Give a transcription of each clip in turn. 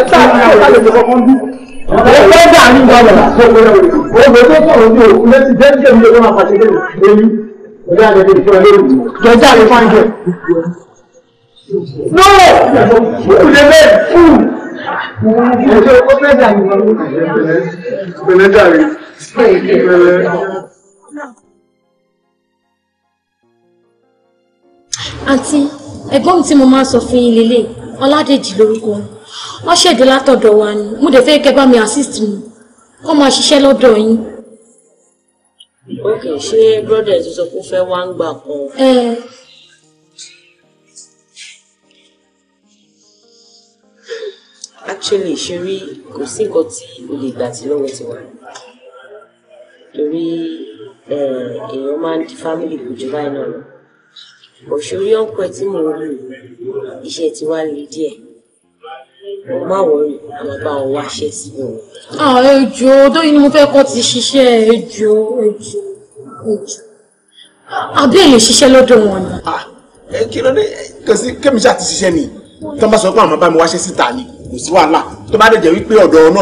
ẹ̀ta ní ní ìjọba ògbè tó sọ̀rọ̀ ní òkú létí jẹ́jẹ́ mi lọ́wọ́ àpàṣẹ lẹ́yìn ọjọ́ àgbẹ̀dẹ ìfẹ́ lórí ẹ̀gbọ́n tí mo máa sọ fún yín Ọládèjì lórúkọ wọ́n ṣẹ̀dẹ̀ látọ̀dọ̀ wa ni mo dẹ̀ fẹ́ kẹ́ bá mi assist mi wọ́n máa ṣiṣẹ́ lọ́dọ̀ yín. ok ṣé brọ́dà sọ pé ó fẹ́ wá ń gbà kan. actually ṣe rí kò sí nǹkan tí o lè gbà tí lọ́wọ́ ti wà torí èèyàn máa ń di family kò jù báyìí náà lọ òṣèré ọ̀pẹ tí mo rí iṣẹ́ tiwa lè díẹ̀ má wọrí a máa bá wọn wáṣẹ́ sí i. àwọn ejò tóyìn ni mo fẹ́ kọ́ ti ṣiṣẹ́ ejò ejò ejò àbí èyí ṣiṣẹ́ lọ́dọ̀ wọn ni. ẹ kí ló dé kò sí kémi ṣáà ti ṣiṣẹ́ ni tó bá sọ pé àwọn bá mi wáṣẹ́ síta ni kò sí wàhálà tó bá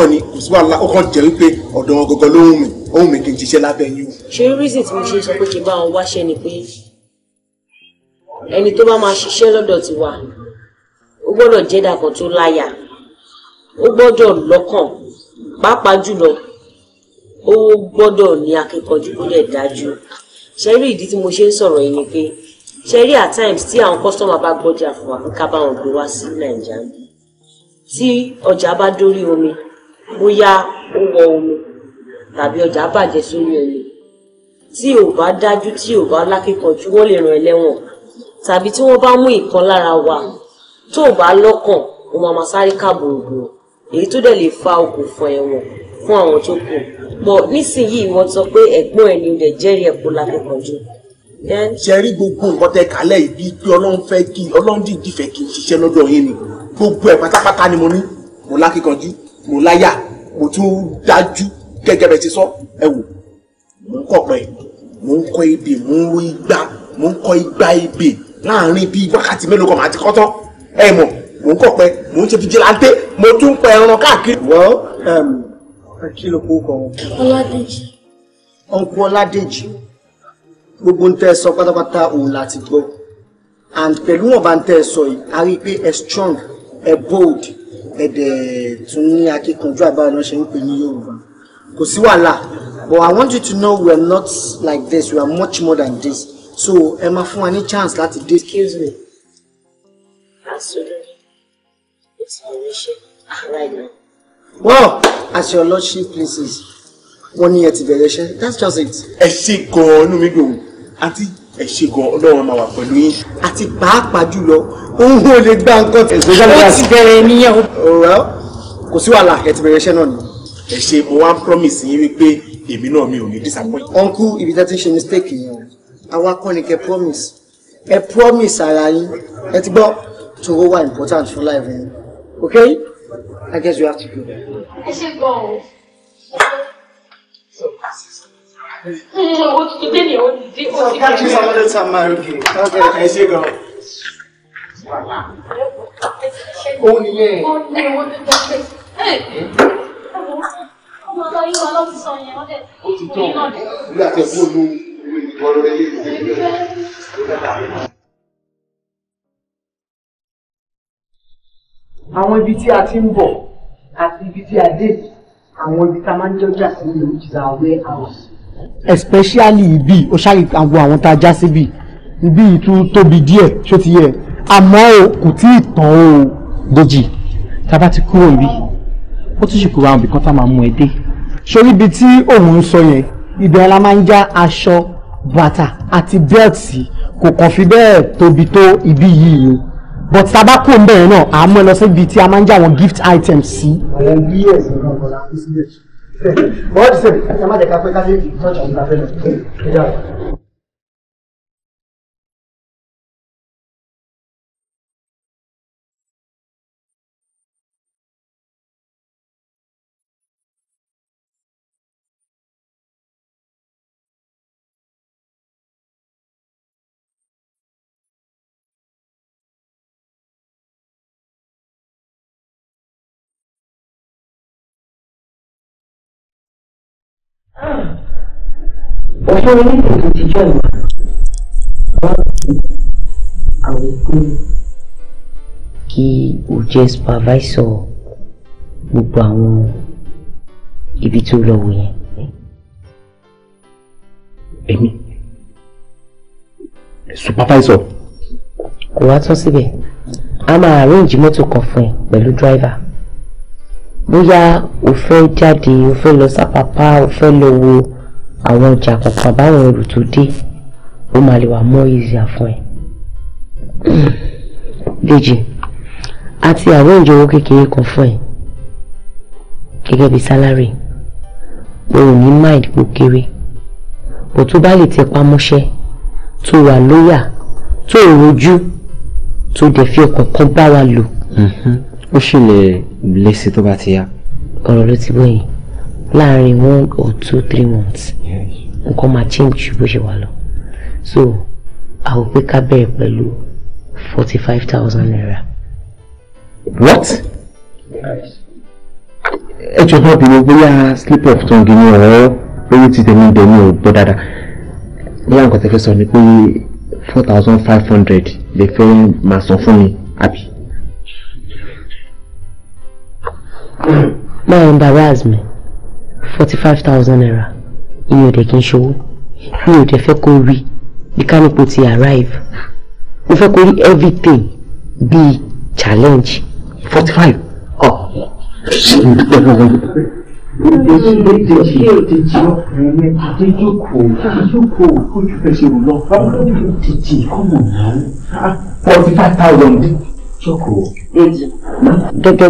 ni Uswa la, okon ó kàn jẹ́ wípé ọ̀dọ̀ wọn gọ́gọ́ ló hùn mí ó hùn mí kí n ṣiṣẹ́ lábẹ́ yín. ṣé reason tí mo ṣe sọ pé kí n bá wọn wáṣẹ́ ni pé ẹni tó bá ó gbọ́dọ̀ lọ́kàn pàápàá jùlọ ó gbọ́dọ̀ ní akíkanjú kó dẹ̀ dájú ṣe ìdí tí mo ṣe ń sọ̀rọ̀ yìí ni pé ṣe rí at times tí àwọn kọ́sọ́mà bá gbọ́jà fún wa ká bá wọn gbé wá sí nàìjíríà tí ọjà bá dórí omi bóyá ó wọ omi tàbí ọjà bàjẹ́ sórí omi tí ò bá dájú tí ò bá lákíkanjú wọ́n lè ràn ẹlẹ́wọ̀n tàbí tí wọ́n bá mú ìkan lára wa tó ò bá lọ́kàn ó máa ma sáré kàbòròbòrò èyí tó dẹ̀ lè fa okùnfà ẹ̀wọ̀n fún àwọn tó kù pọ̀ nísìnyìí wọ́n sọ pé ẹ̀gbọ́n ẹ̀ ni ó dẹ̀ jẹ́rìí ẹ̀kọ́ lákòókò jù ṣe rí gbogbo nǹkan tẹ kálẹ̀ ìbí pé ọlọ́run fẹ́ kí ọlọ́run dìdí fẹ́ kí n ṣiṣẹ́ lọ́dọ̀ yín ni gbogbo ẹ̀ pátápátá ni mo ní mo lákìkanjú mo láyà mo tún dájú gẹ́gẹ́ bẹ́ẹ̀ ti sọ ẹ wò mo ń kọ̀ pẹ́ mo ń kọ́ ebè mo ń ro igbá mo ń kọ́ igbá ebè láàrin bíi wákàtí mélòó kan màá ti kọ́ ẹ mọ̀ mò ń kọ̀pẹ mò ń ṣe fìjìláńtẹ́ mo tún pẹ ẹran káàkiri. wọ́n um, kí ló kó kọ wọn. ọládèjì. ọ̀nkú ọládèjì gbogbo ń sọ pátápátá òun láti gbọ́ and pẹ̀lú wọn bá ń sọ yìí a rí i pé ẹ strong ẹ bold ẹ dẹ̀ tún ní akíkanjú àbáyọ ṣe ń pè ní Yorùbá kò sí wàhálà but I want you to know we are not like this we are much more than this so ẹ máa fún wa ní chance láti dé. excuse me. Absolutely. Well, as your lordship pleases One ní ẹ ti bẹ̀rẹ̀ that's just it. ẹ ṣe gan-an inú mi dùn àti ẹ ṣe no ọlọ́run máa wà pẹ̀lú yín. àti pàápàá jùlọ òun ò lè gba nǹkan tẹ̀. ó ti bẹ̀rẹ̀ nìyẹn o. ọ̀rọ̀ oh, kò sí wàhálà ẹ ti bẹ̀rẹ̀ iṣẹ́ náà ni. ẹ ṣe mo wá ń promise yín wípé èmi náà mi ò ní disappoint. ọ̀nkú ibi tí a ti ń ṣe mistake yẹn o àwa kọ́ ni promise A promise ara yín ẹ ti gbọ́ tòwó wà important for life yín. Okay? I guess you have to go. I should go. So, what to tell you? So, catch you some other time, Mary. Okay, I should go. Oh, yeah. Oh, yeah. What did that say? Hey! Ó ti tán nígbà tí ẹ kú olú ìwé ìgbọ́lódé yìí. àwọn ibi tí a ti ń bọ̀ àti ibi tí a dé àwọn ibi tá a máa ń jọjà sí ní ìjìlá awẹ́ àwọn. especially ibi ó ṣáà àgbo àwọn tá a já síbi ibi ìtú tóbi díẹ̀ ṣó ti yẹ àmọ́ o kò tí ì tán o dèjì tá a bá ti kúrò ibi ó tún ṣe kúrò àwọn ibìkan tá a máa mú ẹ dé. sórí ibi tí òun ń sọ yẹn ibi ara máa ń já aṣọ bàtà àti bẹ́ẹ̀tì kò kàn fi bẹ́ẹ̀ tóbi tó ibi yìí o but tá a bá kó ń bẹ̀rẹ̀ náà a mọ̀ lọ síbi tí a máa ń já àwọn gift items sí. àwọn bí ẹ̀sìn náà kọ́ la kó sílẹ̀ bọ́ọ̀dù sẹ́yìn ẹ má jẹ́ ká pé ká lè tọ́jú ìgbàfẹ́ náà. ṣé o ní ètò ìtìjọ́ ìwà báńkì àwògbé kí o jẹ́ supervisor gbogbo àwọn ibi tó lọ wò yẹn. èmi supervisor. kò wá tán síbẹ̀ a máa arrange mọ́tò kan fún ẹ pẹ̀lú driver bóyá o fẹ́ jáde o fẹ́ lọ sápapá o fẹ́ lọ wo àwọn ọjà kọ̀ọ̀kan báwọn ẹrù tó dé ó máa lè wà mọ́ ìzìyà fún ẹ. Dèjì àti àwọn ìjọwọ́ kékeré kan fún ẹ gẹ́gẹ́ bí sálárì o ò ní mind kó kéré bó tó bá lè tẹpá mọ́ṣẹ́ tó wà lóyà tó rojú tó dẹ̀ fi ọkàn kan bá wa lò. Mhm. ó sì lè lé sí tó bá ti yá. ọ̀rọ̀ ló ti bóyin láàrin one or two three months nǹkan máa change ju bó ṣe wà lọ so àwọn pé ká bẹ̀rẹ̀ pẹ̀lú forty five thousand naira. what? ẹ jọ náà bí mo bóyá slip of tongue ni ọ̀rọ̀ lórí ti tẹ̀mí ìdẹ̀ mi ò gbọ́ dáadáa bóyá nǹkan tẹ fẹ́ sọ ni pé four thousand five hundred lè fẹ́ máa san fún mi àbí. máa ń embarrass mi forty five thousand naira ìyẹn ò dẹ̀ kí n ṣòwò mi ò dẹ̀ fẹ́ kó rí bí kánìpò ti arrive mo fẹ́ kó rí everything bíi challenge. forty five ọ̀ ṣe ń dúpẹ́ lọ́wọ́ gẹ́gẹ́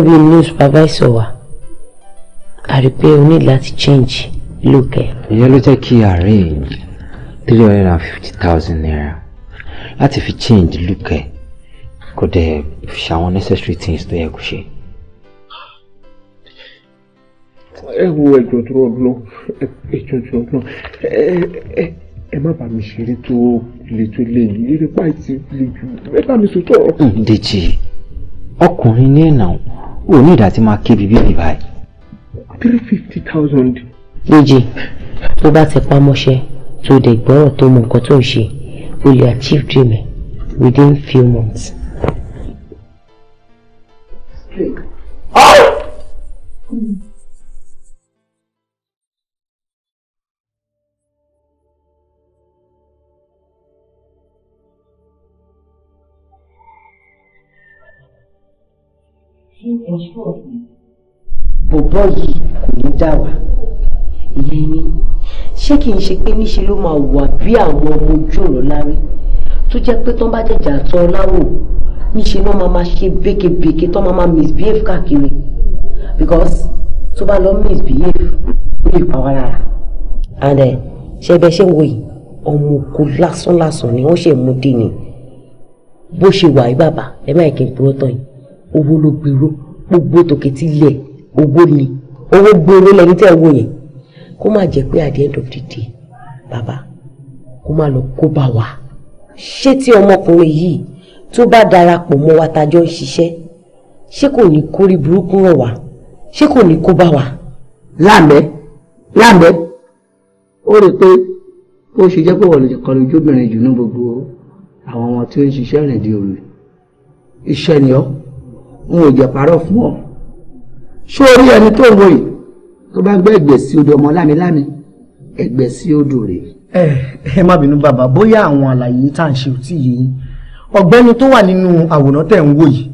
bí news supervisor wa a rí pé o ní láti change look ẹ. ìyẹn ló jẹ́ kí arrange three hundred and fifty thousand naira láti fi change look ẹ kò dẹ̀ ṣàwọn necessary things tó yẹ kó ṣe. ẹ wo ẹjọ tó rọ lọ ẹjọ tó rọ lọ ẹ má bàa mi ṣeré tó le tó lé yìí eré páì ti le jù ẹ bá mi sòtọ. Dèjì ọkùnrin ní ẹ̀nà ò ní ìdá tí máa ké bíbí báyìí three fifty thousand. Dèjì tó bá ti pamọ́ṣẹ́ tó dẹ̀ gbọ́rọ̀ tó mọ nǹkan tó ń ṣe o lè achieve dream ẹ̀ within few months. Oh! Mm. She was bọ̀bọ̀ yìí kò ní dà wá ìyẹn ni ṣé kì í ṣe pé níṣe ló máa wà bí àwọn ọmọ ojú ọ̀rọ̀ lárí tó jẹ́ pé tán bá jẹ̀jà tán láwò níṣe ló máa máa ṣe békebèke tán máa máa misbehave káàkiri because tó bá lọ misbehave ó lè pa wá lára. and ṣe bẹ ṣe ń wo yìí ọmọ oko lásánlásán ni wọ́n ṣe mú dé ni bó ṣe wà yìí bàbá ẹ má kí n purọ́ tán yìí owó ló gbèrò gbogbo tòkè tí ilẹ̀ gbogbo ni owó gbóró lẹni tẹ́ ẹ wò yẹn kó má jẹ́ pé at the end of the day bàbá kó má lọ kó bá wa ṣé tí ọmọkùnrin yìí tó bá darapọ̀ mọ́ wa tájọ́ ń ṣiṣẹ́ ṣé kò ní kórí burúkú rọ̀ wá ṣé kò ní kó bá wa. láàmẹ́ láàmẹ́ ó rí i pé ó ṣe jẹ́ pé wọ̀lú kan lójú obìnrin jù ní gbogbo àwọn ọmọ tí ó ń ṣiṣẹ́ rìn di òru iṣẹ́ ni ọ́ n ò jẹ́ parọ́ fún ọ sórí ẹni tó ń wo yìí tó bá gbọ́ ẹ̀gbẹ́ sí odò ọmọ lámilámi ẹ̀gbẹ́ sí odò rẹ̀. ẹ ẹ má bínú bàbá bóyá àwọn àlàyé tá à ń ṣe ò tí ì yé tó wà nínú àwòrán tẹ́ ń wò yìí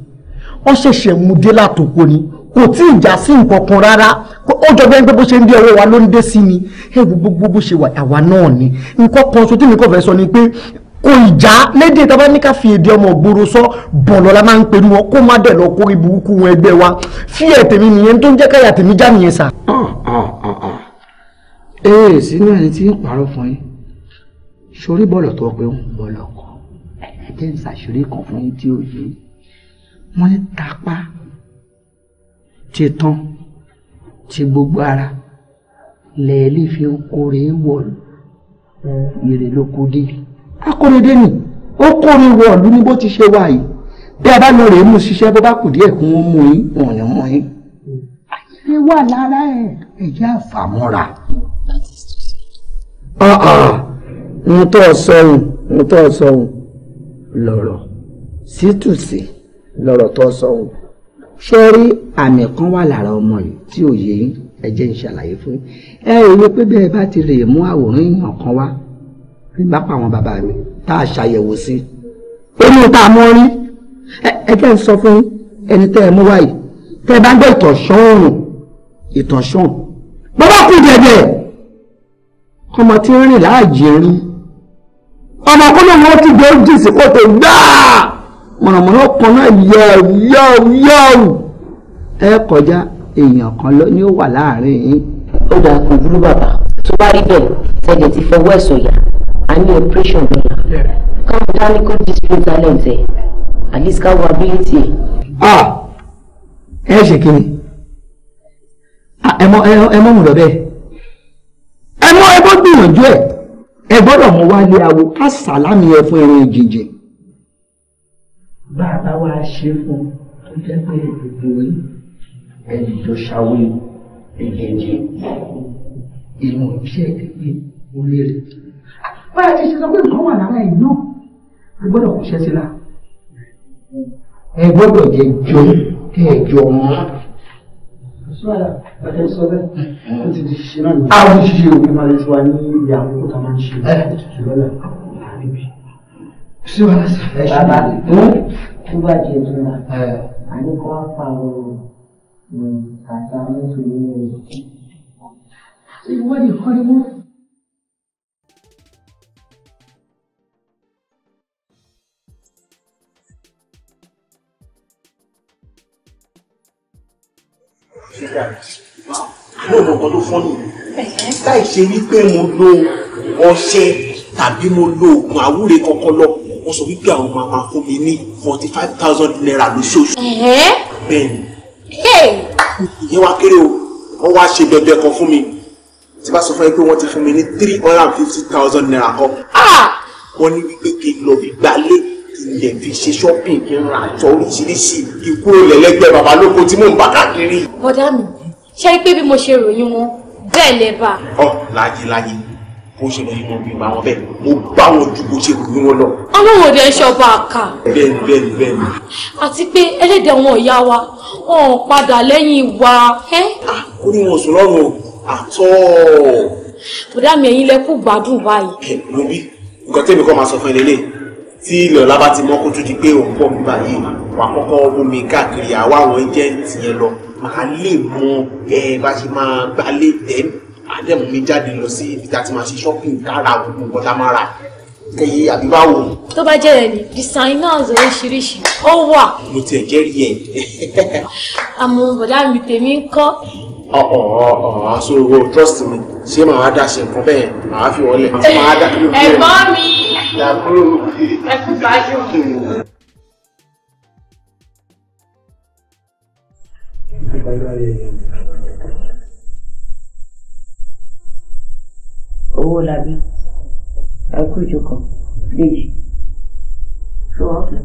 ó ṣẹ̀ṣẹ̀ mú dé látòkò ni kò tí ì já sí nǹkan kan rárá ó jọ bẹ́ẹ̀ pé bó ṣe ń dé ọwọ́ wa ló ń dé sí ni gbogbo bó ṣe wà àwa náà ni nǹkan kan so tí fẹ́ sọ ni pé kò ìjà lédè tá a bá ní ká fi èdè ọmọ ògbóró sọ bọ̀lọ̀ la máa ń pẹ̀lú wọn kó má dẹ̀ lọ kórí burúkú wọn ẹgbẹ́ wa fí ẹ̀ tèmi nìyẹn tó ń jẹ́ káyà tèmi já nìyẹn sà. ee sínú ẹni tí ń parọ́ fún yín sórí bọ́ọ̀lù tó pé ń bọ́ọ̀lù kan ẹ̀ tẹ́ ń ṣàṣírí kan fún yín tí ó yé wọ́n ní tapá ti tán ti gbogbo ara lẹ́ẹ̀lì fi ń kórè wọ̀lú ire ló kú dé akóredé ni ó kóre wọ ọ̀lú ní bó ti ṣe wà yìí bí a bá lọ rèé mú ṣiṣẹ́ bó bá kù díẹ̀ kí wọ́n mú yín wọn ò ní mú yín. ayẹyẹ wà lára ẹ ẹ̀jẹ̀ àfàmọ́ra. n tó sọhùn n tó sọhùn lọ̀rọ̀ sítùsí lọ̀rọ̀ tó sọhùn ṣé rí àmì kan wà lára ọmọ yìí tí ò yé yín ẹ jẹ́ n ṣàlàyé fún yín ẹ rí i pé bí bá ti rèé mú àwòrán èèyàn kan wá lápá àwọn bàbá mi tá a ṣàyẹ̀wò sí ó ní tá a mọ́ rí ẹ jẹ́ ń sọ fún ẹni tẹ́ ẹ mú wáyé tẹ́ ẹ bá ń gbé ìtànṣán òrùn ìtànṣán bàbá kù dẹ̀dẹ̀ ọmọ tí ń rìn láàjì rí ọmọ kọ́nà wọn ti gbé ojú sí kòtò gbáà mọ̀nàmọ́ná kan náà yẹ̀rù yẹ̀rù yẹ̀rù ẹ kọjá èèyàn kan lọ ni ó wà láàrin yín. ó dà kò burú bàbá tó bá rí bẹ́ẹ̀ tẹ̀lé ti fọwọ́ ẹ̀sọ̀ yà a ní operation lọ́la káwọn dání kó display talent ẹ̀ eh? at least káwọn ability ẹ̀. ah ẹ ṣe kí ah, ẹ mọ ẹ mọ mọ lọ bẹ́ẹ̀ ẹ mọ ẹ bọ́ gbìyànjú ẹ ẹ gbọ́dọ̀ mọ wálé awo ká sàlámì ẹ fún ẹran a bàbá wa ṣe fún tó jẹ́ pé gbogbo yìí ẹni tó ṣàwé ìjẹjẹ inú bí ẹ ti pé orí rẹ bá ti ṣe sọ pé nǹkan wà lára ẹ̀ náà a kò ṣẹ́ sí ẹ gbọ́dọ̀ jẹ jọ kẹ ẹ jọ mọ́. Àwọn ṣíṣe òkè máa lè tiwa ní ìyá àkókò tá a máa ń ṣe. Sí wàhálà Bàbá tó bá jẹ tó la, àníkọ́ á pa àwọn kàtà mọ́tò yìí. Ṣé ìwádìí kọ́ ni wọ́n? ṣe dàrú ní ọ̀nà kan ló fọ́nù láì ṣe wípé mo lo ọṣẹ tàbí mo lo oògùn àwúre kankan lọ wọ́n sọ wípé àwọn máa máa fún mi ní forty five thousand naira lóṣooṣù. bẹ́ẹ̀ ni ìyẹn wá kéré o wọ́n wá ṣe bẹ̀bẹ̀ kan fún mi tí bá sọ fún yín pé wọ́n ti fún mi ní three hundred and fifty thousand naira kan. Ah! wọ́n ní wípé kí n lọ fi gbalé kí fi ṣe shopping kí n ra aṣọ oríṣiríṣi kí n kúrò tí mò ń bá káàkiri. bọ́dá mi ṣe é pé bí mo ṣe ròyìn wọn bẹ́ẹ̀ lẹ bá. ọ láyé láyé bó ṣe lọ ìmọ̀ ìgbà wọn bẹ́ẹ̀ mo bá wọn ju bó ṣe ròyìn wọn lọ. ọlọ́wọ́ dẹ̀ ń ṣọba àkà. bẹ́ẹ̀ni bẹ́ẹ̀ni bẹ́ẹ̀ni. àti pé ẹlẹ́dẹ̀ wọn ìyá wa wọn ò padà lẹ́yìn wa. kó ní wọn sùn lọ́rùn àtọ́. bọ́dá mi ẹ̀yin lẹ kú gbádùn báyìí. ẹ tí lọ́la bá ti mọ́ kó tó di pé òun pọ̀ nígbà yìí wà kọ́kọ́ mú mi káàkiri àwa àwọn ẹjẹ́ǹtì yẹn lọ màá lè mọ ẹ bá ṣe máa gbálé tẹ́m àdẹ́mú jáde lọ sí ibi tá a ti máa ṣe shopping kára gbogbo nǹkan tá a máa rà kẹyẹ àbí báwo. tó bá jẹ́ rẹ̀ ni designers oríṣiríṣi ó wà. mo tiẹ̀ jẹ́rìí ẹ̀. àmọ́ bọ̀dá mi tèmi ń kọ́ ọ̀hún ọ̀hún aṣọ owó trust me ṣé màá dá ṣe nǹkan bẹ́ẹ̀ màá fi wọlé màá dá kúrò. ẹ̀gbọ́n mi ẹ̀kú gbájú. owó labi ẹkú ìjókòó dèjì ṣọwọ́ kan.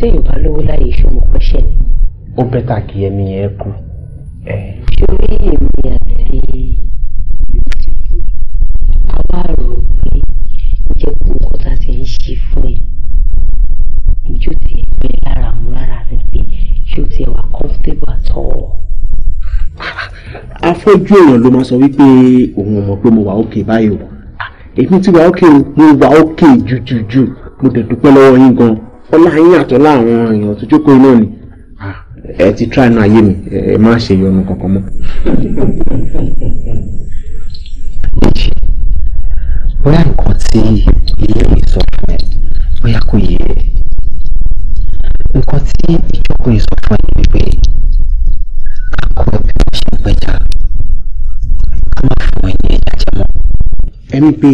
téèyàn bá lówó láyé ìṣòwò kọ́ṣẹ́ ni. ó bẹ́tà kí ẹni yẹn kú. ṣorí èmi àti àwa rò pé jẹ́ kó nǹkan tá a ti ń ṣe fún ẹ ìjó ti ẹgbẹ́ lára mú lára rẹ pé ṣé o ti wà comfortable at all. afọ́jú èèyàn ló máa sọ wípé òun ò mọ̀ pé mo wà ókè báyìí o èmi ti wà ókè o mo wà ókè jùjùjù mo dẹ̀ dúpẹ́ lọ́wọ́ yín gan-an ọlá yín yàtọ̀ láwọn èèyàn tó jókòó iná ni ẹ ti tíra inú ayé mi ẹ má ṣe yọnu kankan mọ́. bóyá nǹkan tí ilé mi sọ fún ẹ bóyá kò yé ẹ nǹkan tí ìjókòó yìí sọ fún ẹ ni pé ká kọ́ ẹ bí wọ́n ṣe ń pẹja ká má fún ẹ ní ẹja jẹ ẹni pé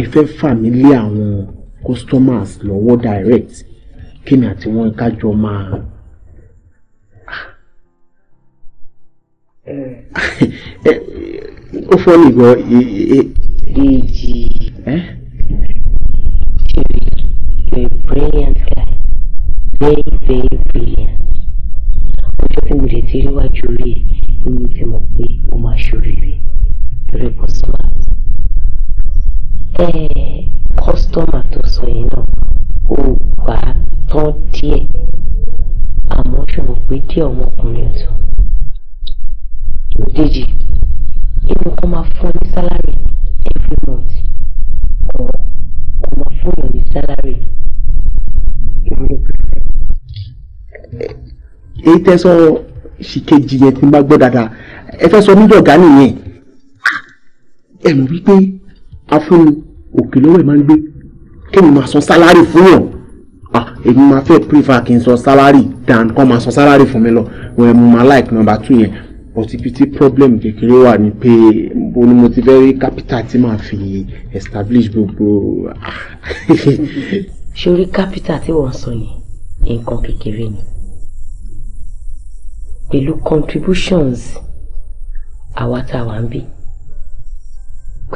ẹ fẹ́ fà mí lé àwọn customers lọ́wọ́ direct kí ni àti wọn kájọ máa. Eh, ó fọ́ nìgbọ́. Dèjì ṣe brilliant guy very very brilliant ọjọ́ tí mo lè ti rí wájú rí ẹ̀ tí mo pé ó máa ṣoríire very personal. Eh, kọ́sítọ́mà tó sọ yẹn náà ó gbà á tán díẹ̀ àmọ́ ṣùgbọ́n pé díẹ̀ ọmọkùnrin ọ̀tọ̀ ìdíje inú kan máa fún ní sálárì every month kọ́ kó máa fún yàn ní sálárì èyí tẹ́ sọ ṣìkejì yẹn tí n bá gbọ́ dáadáa ẹ fẹ́ sọ nídọ̀gá nìyẹn ah, ẹ mọ̀ wípé afúnni òkè lọ́wọ́ ẹ̀ máa ń gbé kémi máa san sálárì fún yàn ah èmi máa fẹ́ prefer kí n san sálárì dan kọ́ máa san sálárì fún mi lọ wẹ́n mo máa like number two yẹn ọtíbitì problem kékeré wà ní pé mo ni mo ti fẹ́ rí capital tí màá fi establish gbogbo. Ah. sórí capital tí wọ́n sọ yẹn nǹkan kékeré ni pẹ̀lú contributions àwa tá a wà ń bí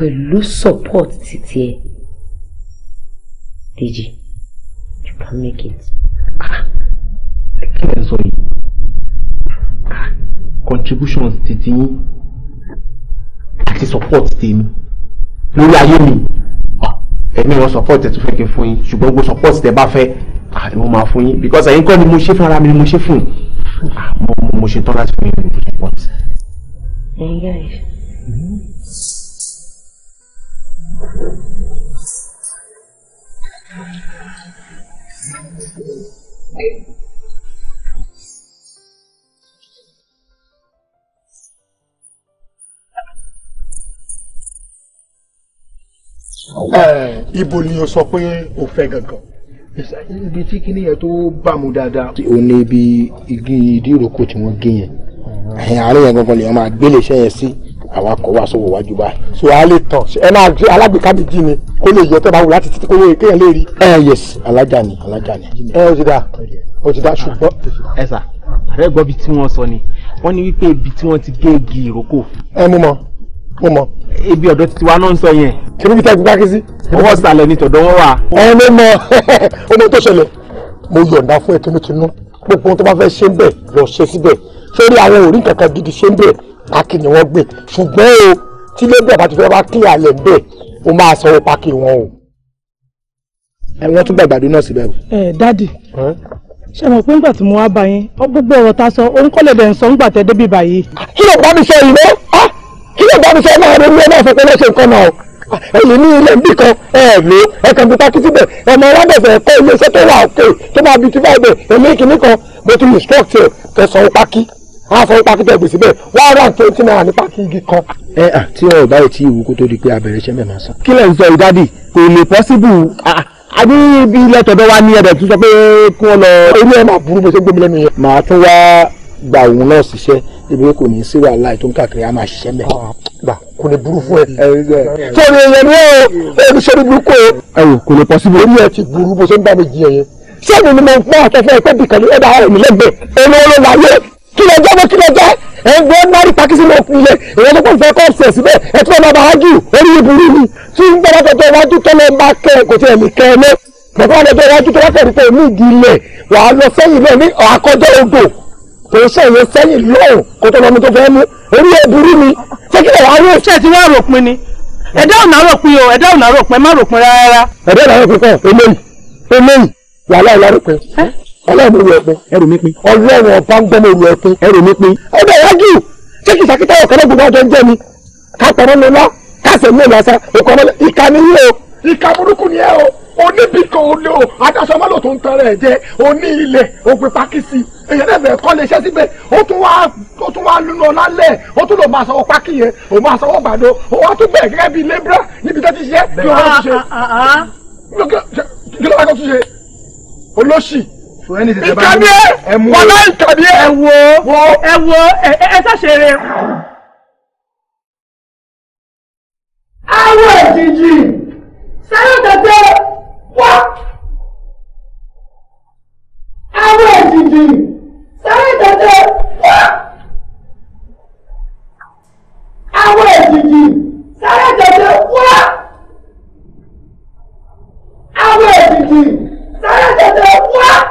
pẹ̀lú support títí ẹ̀ Deji you can make it. Ah, kí lẹ sọ yìí ah, contributions títí yín àti support tèmi lórí ayé mi ah, ẹ̀mí wọn support ẹ̀ tún fẹ́ kí n fún yín ṣùgbọ́n gbogbo support tẹ bá fẹ́ àti mo máa fún yín because ẹ̀yin kọ́ ni mo ṣe fún ara mi ni mo ṣe fún mo mo ṣe tán láti fún yín ní support. Mm-hmm. Eh, ibo ni o sọ pé o fẹ́ gangan. ibi tí kinní yẹn tó bá mu dáadáa. o ní ibi igi ìdí ìrókò tí wọ́n gé yẹn àárín yẹn gangan lèèyàn máa gbélé iṣẹ́ yẹn sí àwa kọ̀ wá sówó wájú báyìí. so a lè tàn ẹ máa gbé alágbèéká méjì ni kó lè yọ tẹ́bà wò láti títí kó lè kéèyàn lè rí. ẹ eh, yes alájà ni alájà ni. ẹ eh, ó ti dà ó ti dà ṣùgbọ́n. ẹ sà àbẹ́ gbọ́ bí tí wọ́n sọ ni wọ́n ní wípé ibi tí wọ́n ti gé igi ìrókò. ẹ mú mọ mo mọ. ibi ọ̀dọ̀ titi wa náà ń sọ yẹn. kí níbi tí a ti gbáké sí. ọwọ́ ìsàlẹ̀ ni tọ̀dọ̀ wọn wà. ẹ eh, mo mọ ohun tó ṣẹlẹ̀ pákí ni wọ́n gbé ṣùgbọ́n o tí lébẹ̀ bá fẹ́ wá kílẹ̀ alẹ̀ ń bẹ̀ o máa sanwó pákí wọn o. ẹ wọ́n tún gbàgbàdo náà síbẹ̀ o. ẹ dádì ṣe mọ̀ pé ńgbà tí mo wá bá yín gbogbo ọ̀rọ̀ ta sọ òun kọ́ lẹ́dẹ̀ ń sọ ńgbà tẹ́ débi báyìí. kí ló bá mi sọ ìwé kí ló bá mi sọ náà ronú ẹ náà fọpẹ́ lọ́sẹ̀ nǹkan náà ẹ̀yìn ní ilé níbi kan ẹ lò ẹ kàn pákí síbẹ̀ ọmọ alábẹ̀fẹ̀ kọ́ iléeṣẹ́ tó wà òkè tó máa bi ti báyìí bẹ̀ ẹ̀mí kìíní kan mo ti instruct ẹ̀ kẹsàn-án pákí a sọ ipa kíkẹ́ gbèsè bẹ́ẹ̀ wọ́n rà twenty naira nípa kí igi kan. ẹ à tí ọ báyìí tí ìwú kó tó di pé abẹ̀rẹ̀ iṣẹ́ mẹ́ẹ̀ máa san. kí lẹ̀ ń sọ ìdádì kò lè pọ́síbù àbí ibi ilẹ̀ tọ̀dọ̀ wa ní ẹ̀dẹ̀ tó sọ pé kí wọ́n lọ. orí ẹ̀ máa burú bó ṣe gbómi lẹ́nu yẹn. màá tún wá gba òun náà ṣiṣẹ́ ibi kò ní sí wàhálà ètò káàkiri a máa ṣiṣẹ́ bẹ́ẹ̀. Ah, gbà kò lè burú fún ẹ. sọ̀rọ̀ èèyàn ni ó ẹni ṣe ní burúkú o. ẹ wò kò lè pọ́síbù. orí ẹ ti burú bó ṣe ń bá mi jiyàn yẹn. sẹ́ni ni mo ń pọ́n àtọ́fẹ́ ẹgbẹ́ kí ló jẹ́ bó kí ló jẹ́ ẹ̀ ń gbọ́ náírà pàkísí ló kú ilé èyí tó kún fẹ́ kọ́ ọ̀sẹ̀ síbẹ̀ ẹ̀ tún ọmọ àwájú orí ìbúrú ni tí ń gbọ́dọ̀ tọ́jọ́ iwájú tó lè máa kẹ́ kò tiẹ̀ mí kẹ́ ẹ lé bàbá ọ̀dọ́jọ́ iwájú tó lọ́kọ̀ nípa èmi ìdí ilẹ̀ wà á lọ sẹ́yìn náà ní àkọjọ́ odò kò ń ṣẹ̀yìn sẹ́yìn lóhùn kó tó lọ́mú tó fẹ́ mú orí ìbúrú ni ṣé kí lè wá rú. ṣé ti wá ròpin ni ẹ̀dá ọ̀nà ròpin o ẹ̀dá ọ̀nà ròpin má ròpin rárá. ẹ̀dá ọ̀nà ọlọ́run olú ẹ̀pin ẹrù mi pin ọlọ́run ọba ń gbọ́mọ olú ẹ̀pin ẹrù mi pin. ẹgbẹ́ ìwájú ṣé kìí sàkítà ọ̀kan lóògùn náà jọ ń jẹ́ mi ká tọrọ mi lọ ká sì mú ìlọsẹ òkò ọmọlẹ ìka ni yín o. ìka burúkú ni ẹ o oníbi kan ò lè o adáṣọ ọmọlò tó ń tọrọ ẹ jẹ oní ilẹ̀ òpin pákísì èyàn náà bẹ̀rẹ̀ kọ́ lè ṣe síbẹ̀ ó tún wá ó tún wá lúnu ọ̀la lẹ̀ ó tún lò máa sanwó pákí yẹn ó máa sanwó gbàdo ó wá tún bẹ̀rẹ̀ gẹ́gẹ́ bíi lébúrà níbi tó ti ṣe kí ló wá tó ṣe ah, ah, ah. kí ló wá tó ṣe olóṣì ìkàbí ẹ wọlé ìkàbí ẹ. ẹ wo ẹ wo ẹ ṣàṣe rẹ. àwọn èjìjì sẹ́yìn tètè wá. àwọn èjìjì sẹ́yìn tètè wá. àwọn èjìjì sẹ́yìn tètè wá. àwọn èjìjì sẹ́yìn tètè wá.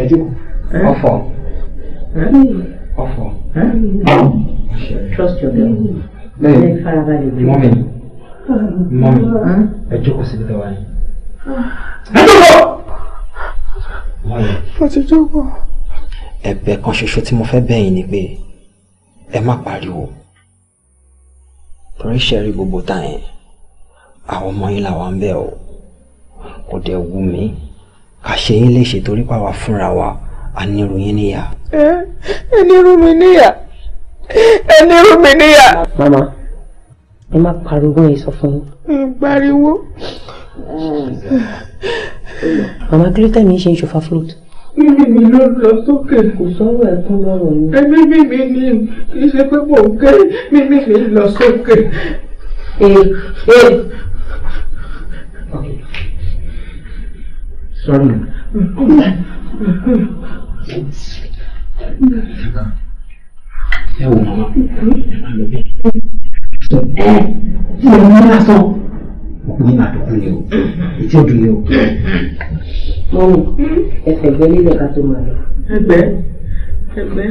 ẹ jókòó ọ̀fọ̀ ọ̀fọ̀ trust your girl lẹ́yìn mọ́mí mọ́mí ẹ jókòó síbi tẹ́wàá yìí ẹ jókòó mọ́mí. mo ti jókòó. ẹ̀bẹ̀ kan ṣoṣo tí mo fẹ́ bẹ̀yìn ni pé ẹ má pariwo torí ṣe rí gbogbo táyẹn àwọn ọmọ yín làwọn ń bẹ̀ ọ́ kò dẹ̀ wù mí ká ṣe yín léṣe torí pàwa fúnra wa a yín níyà. ẹ nírú mi níyà ẹ mi níyà. màmá ẹ má pariwo yẹn sọ fún yín. ẹ pariwo. màmá kí ló tẹ̀ mí ṣe ń ṣòfà flute. Mímí mi ló lọ sókè. Kò sọ́wọ́ ẹ̀kún lọ́rọ̀ yìí. Ẹbí mímí ni kì í ṣe pé mò ń ké mímí mi lọ sókè. Ee ee. Sorry. Ẹ hmm? nílẹ̀ ká tó máa lọ. Ẹgbẹ́, ẹgbẹ́.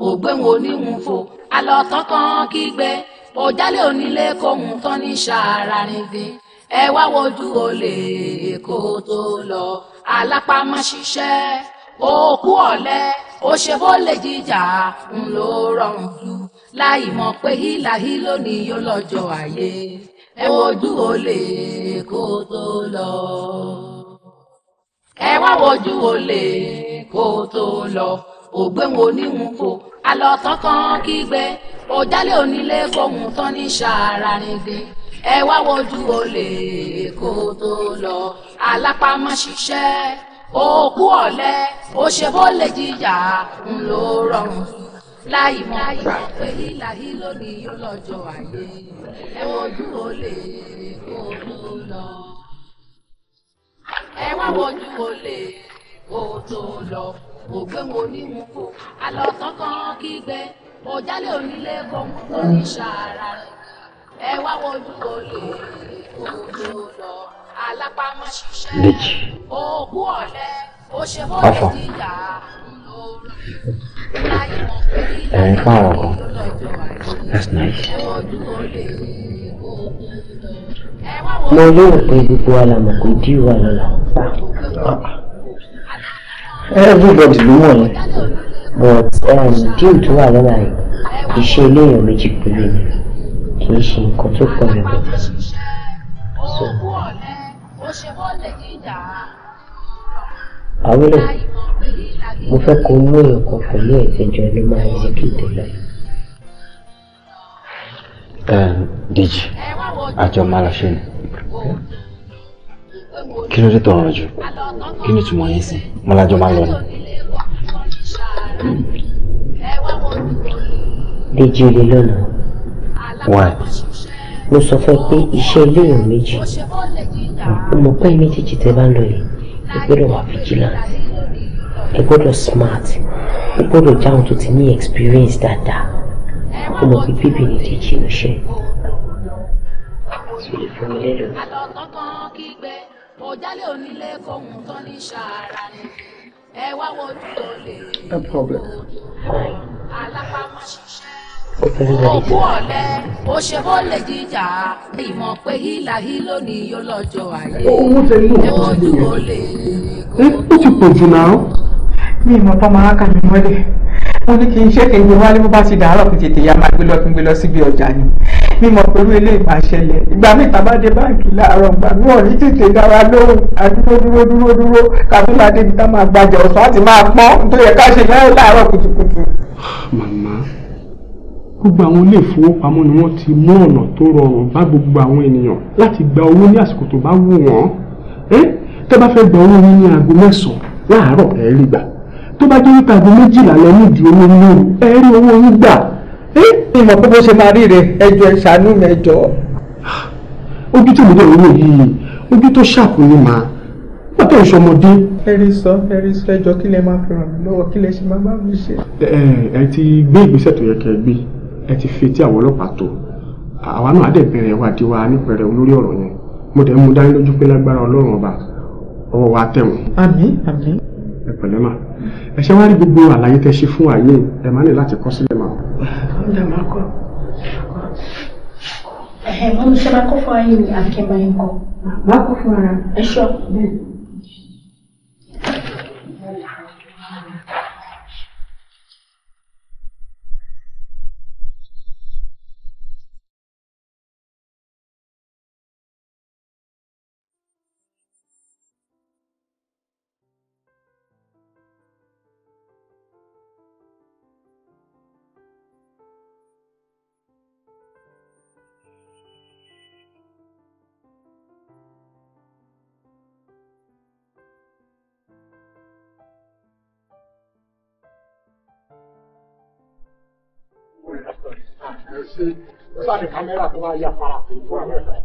ògbéwọn oníhun fò alọ́tán kan kígbe òjálè onílé kóhun tán ní sàárà nìfín ẹ wá wojú olè kó tó lọ alápámọ́ ṣiṣẹ́ òkú ọ̀lẹ ó ṣe bó jíjà ń lò rọrùn jù láì mọ̀ pé hílàhí lónìí yóò lọ́jọ́ ayé ẹ wojú olè kó tó lọ ẹ wá wojú olè kó tó lọ ògbéwò oníhun fò alọ́tán kan kígbe òjálẹ̀ onílé fóun tán ní sàárà rege ẹ wá wojú olè kó tó lọ alápámọ́ ṣiṣẹ́ òkú ọ̀lẹ ó ṣe bó lè jìyà ń lò rọrùn láì mọ ìgbà pé lílàhí lónìí yóò lọ́jọ́ ayé ẹ wojú olè kó tó lọ ẹ wá wojú olè kó tó lọ mo gbé mo ní mu kò alọ́sán kan kígbe mo jálè onílé kọ́mú tó ní ṣàrà ẹ wá wojú kò lè lọ alápámọ́ ṣiṣẹ́ òkú ọ̀lẹ ó ṣe bó lè ti yà á lọ jọba ní ẹ wojú kò lè mo lérò pé gbogbo àlàmọ̀ kò dí ìwà lọ́la everybody ló mọ̀ ní but díù um, tó wà lọ́la yìí kì í ṣe eléyàn méjì péré ni kì í ṣe nǹkan tó pọ̀ níbẹ̀. àwọn mo fẹ́ kó mú èèyàn kan pẹ̀lú ẹ̀sẹ̀jọ ló máa yẹ kí n tẹ̀lé. Um, Dèjì àjọ máa lọ ṣe ni kí ló dé tọrọ jù kí ni ìtumọ̀ yẹn sìn mo lájọ máa lọ ni. Dèjì olè lọ́nà wà mo sọ fún pé iṣẹ́ iléèyàn méjì mo mọ̀ méjèèjì tẹ́ bá ń lọ yìí ẹ gbọ́dọ̀ wà vigilant ẹ gbọ́dọ̀ smart ẹ gbọ́dọ̀ jáwọn tó ti ní experience dáadáa mo mọ̀ pé bíbí ni Dèjì ń ṣe. Sọ̀rọ̀ fún jálẹ̀ onílé kóhun tó ní ṣàárà ni ẹ wá wojú olè alápámọ́ ṣiṣẹ́ òkú ọ̀lẹ ó ṣe bó lè jíjà ìmọ̀ pé hílàhí lónìí yóò lọ́jọ́ ayé ẹ wojú olè. ó ti pọ̀ jù náà mi ìmọ̀ pa màá kà mí mọ́lẹ̀ mo ní kí n ṣe kí n gbé wálé bó bá ti dàárọ̀ kí tètè ya máa gbé lọ kí n gbé lọ síbi ọjà ni mímọ pẹ̀lú ilé ìmọ̀ àṣẹlẹ̀ ìgbà míì tá bá dé báǹkì láàárọ̀ ìgbà míì wọ́n ní tètè dára lóhùn àdúró dúró dúró dúró kàbí máa débi tá máa gbajà ọ̀sán àti máa pọ́n tó yẹ ká ṣe láàárọ̀ kùtùkùtù. màmá gbogbo àwọn ilé ìfowópamọ́ ni wọ́n ti mú ọ̀nà tó rọrùn bá gbogbo àwọn ènìyàn láti gba owó ní àsìkò tó bá wù wọ́n tẹ́ bá fẹ́ gba owó ní aago mẹ́sàn-án láàárọ̀ ẹ̀ gbà tó bá jẹ́ wípé aago méjìlá lọ nídìí owó ní ẹ rí owó yín gbà. ìmọ̀ pé bó ṣe máa rí rẹ ẹjọ́ ẹ ṣàánú mi ẹjọ́. ojú tí mo dẹ̀ wúwo yìí ojú tó ṣàpò ni màá wọ́n tó ń ṣọmọdé. ẹ rí sọ ẹ rí sọ ẹjọ́ kí lẹ máa fi ràn mí lọ́wọ́ kí lẹ ṣe máa bá mi ṣe. ẹ ti gbé ìgbésẹ̀ tó yẹ kẹ́ ẹ gbé ẹ ti fetí àwọn ọlọ́pàá tó àwa náà á dẹ̀ bẹ̀rẹ̀ ìwádìí wa nípẹ̀rẹ̀ olórí ọ̀rọ̀ yẹn mo dẹ̀ mú dání lójú pé lágbára ọlọ́run ọba ọwọ́ wa tẹ̀wọ̀n. àmín àmín ẹ pẹ̀lẹ́ mà ẹ ṣe wá rí gbogbo àlàyé tẹ ṣe fún ààyè ẹ máa ní láti kọ sílẹ̀ mà. ọ̀dà máa kọ́ ẹ̀hẹ̀ mọ́nu ṣe máa kọ́ fún ayé mi àbíkẹ́ máa kọ́. máa kọ́ fún ara. ẹ ṣe sáré kámẹ́rà tó máa yà fara fún fún àwọn ẹ̀ka.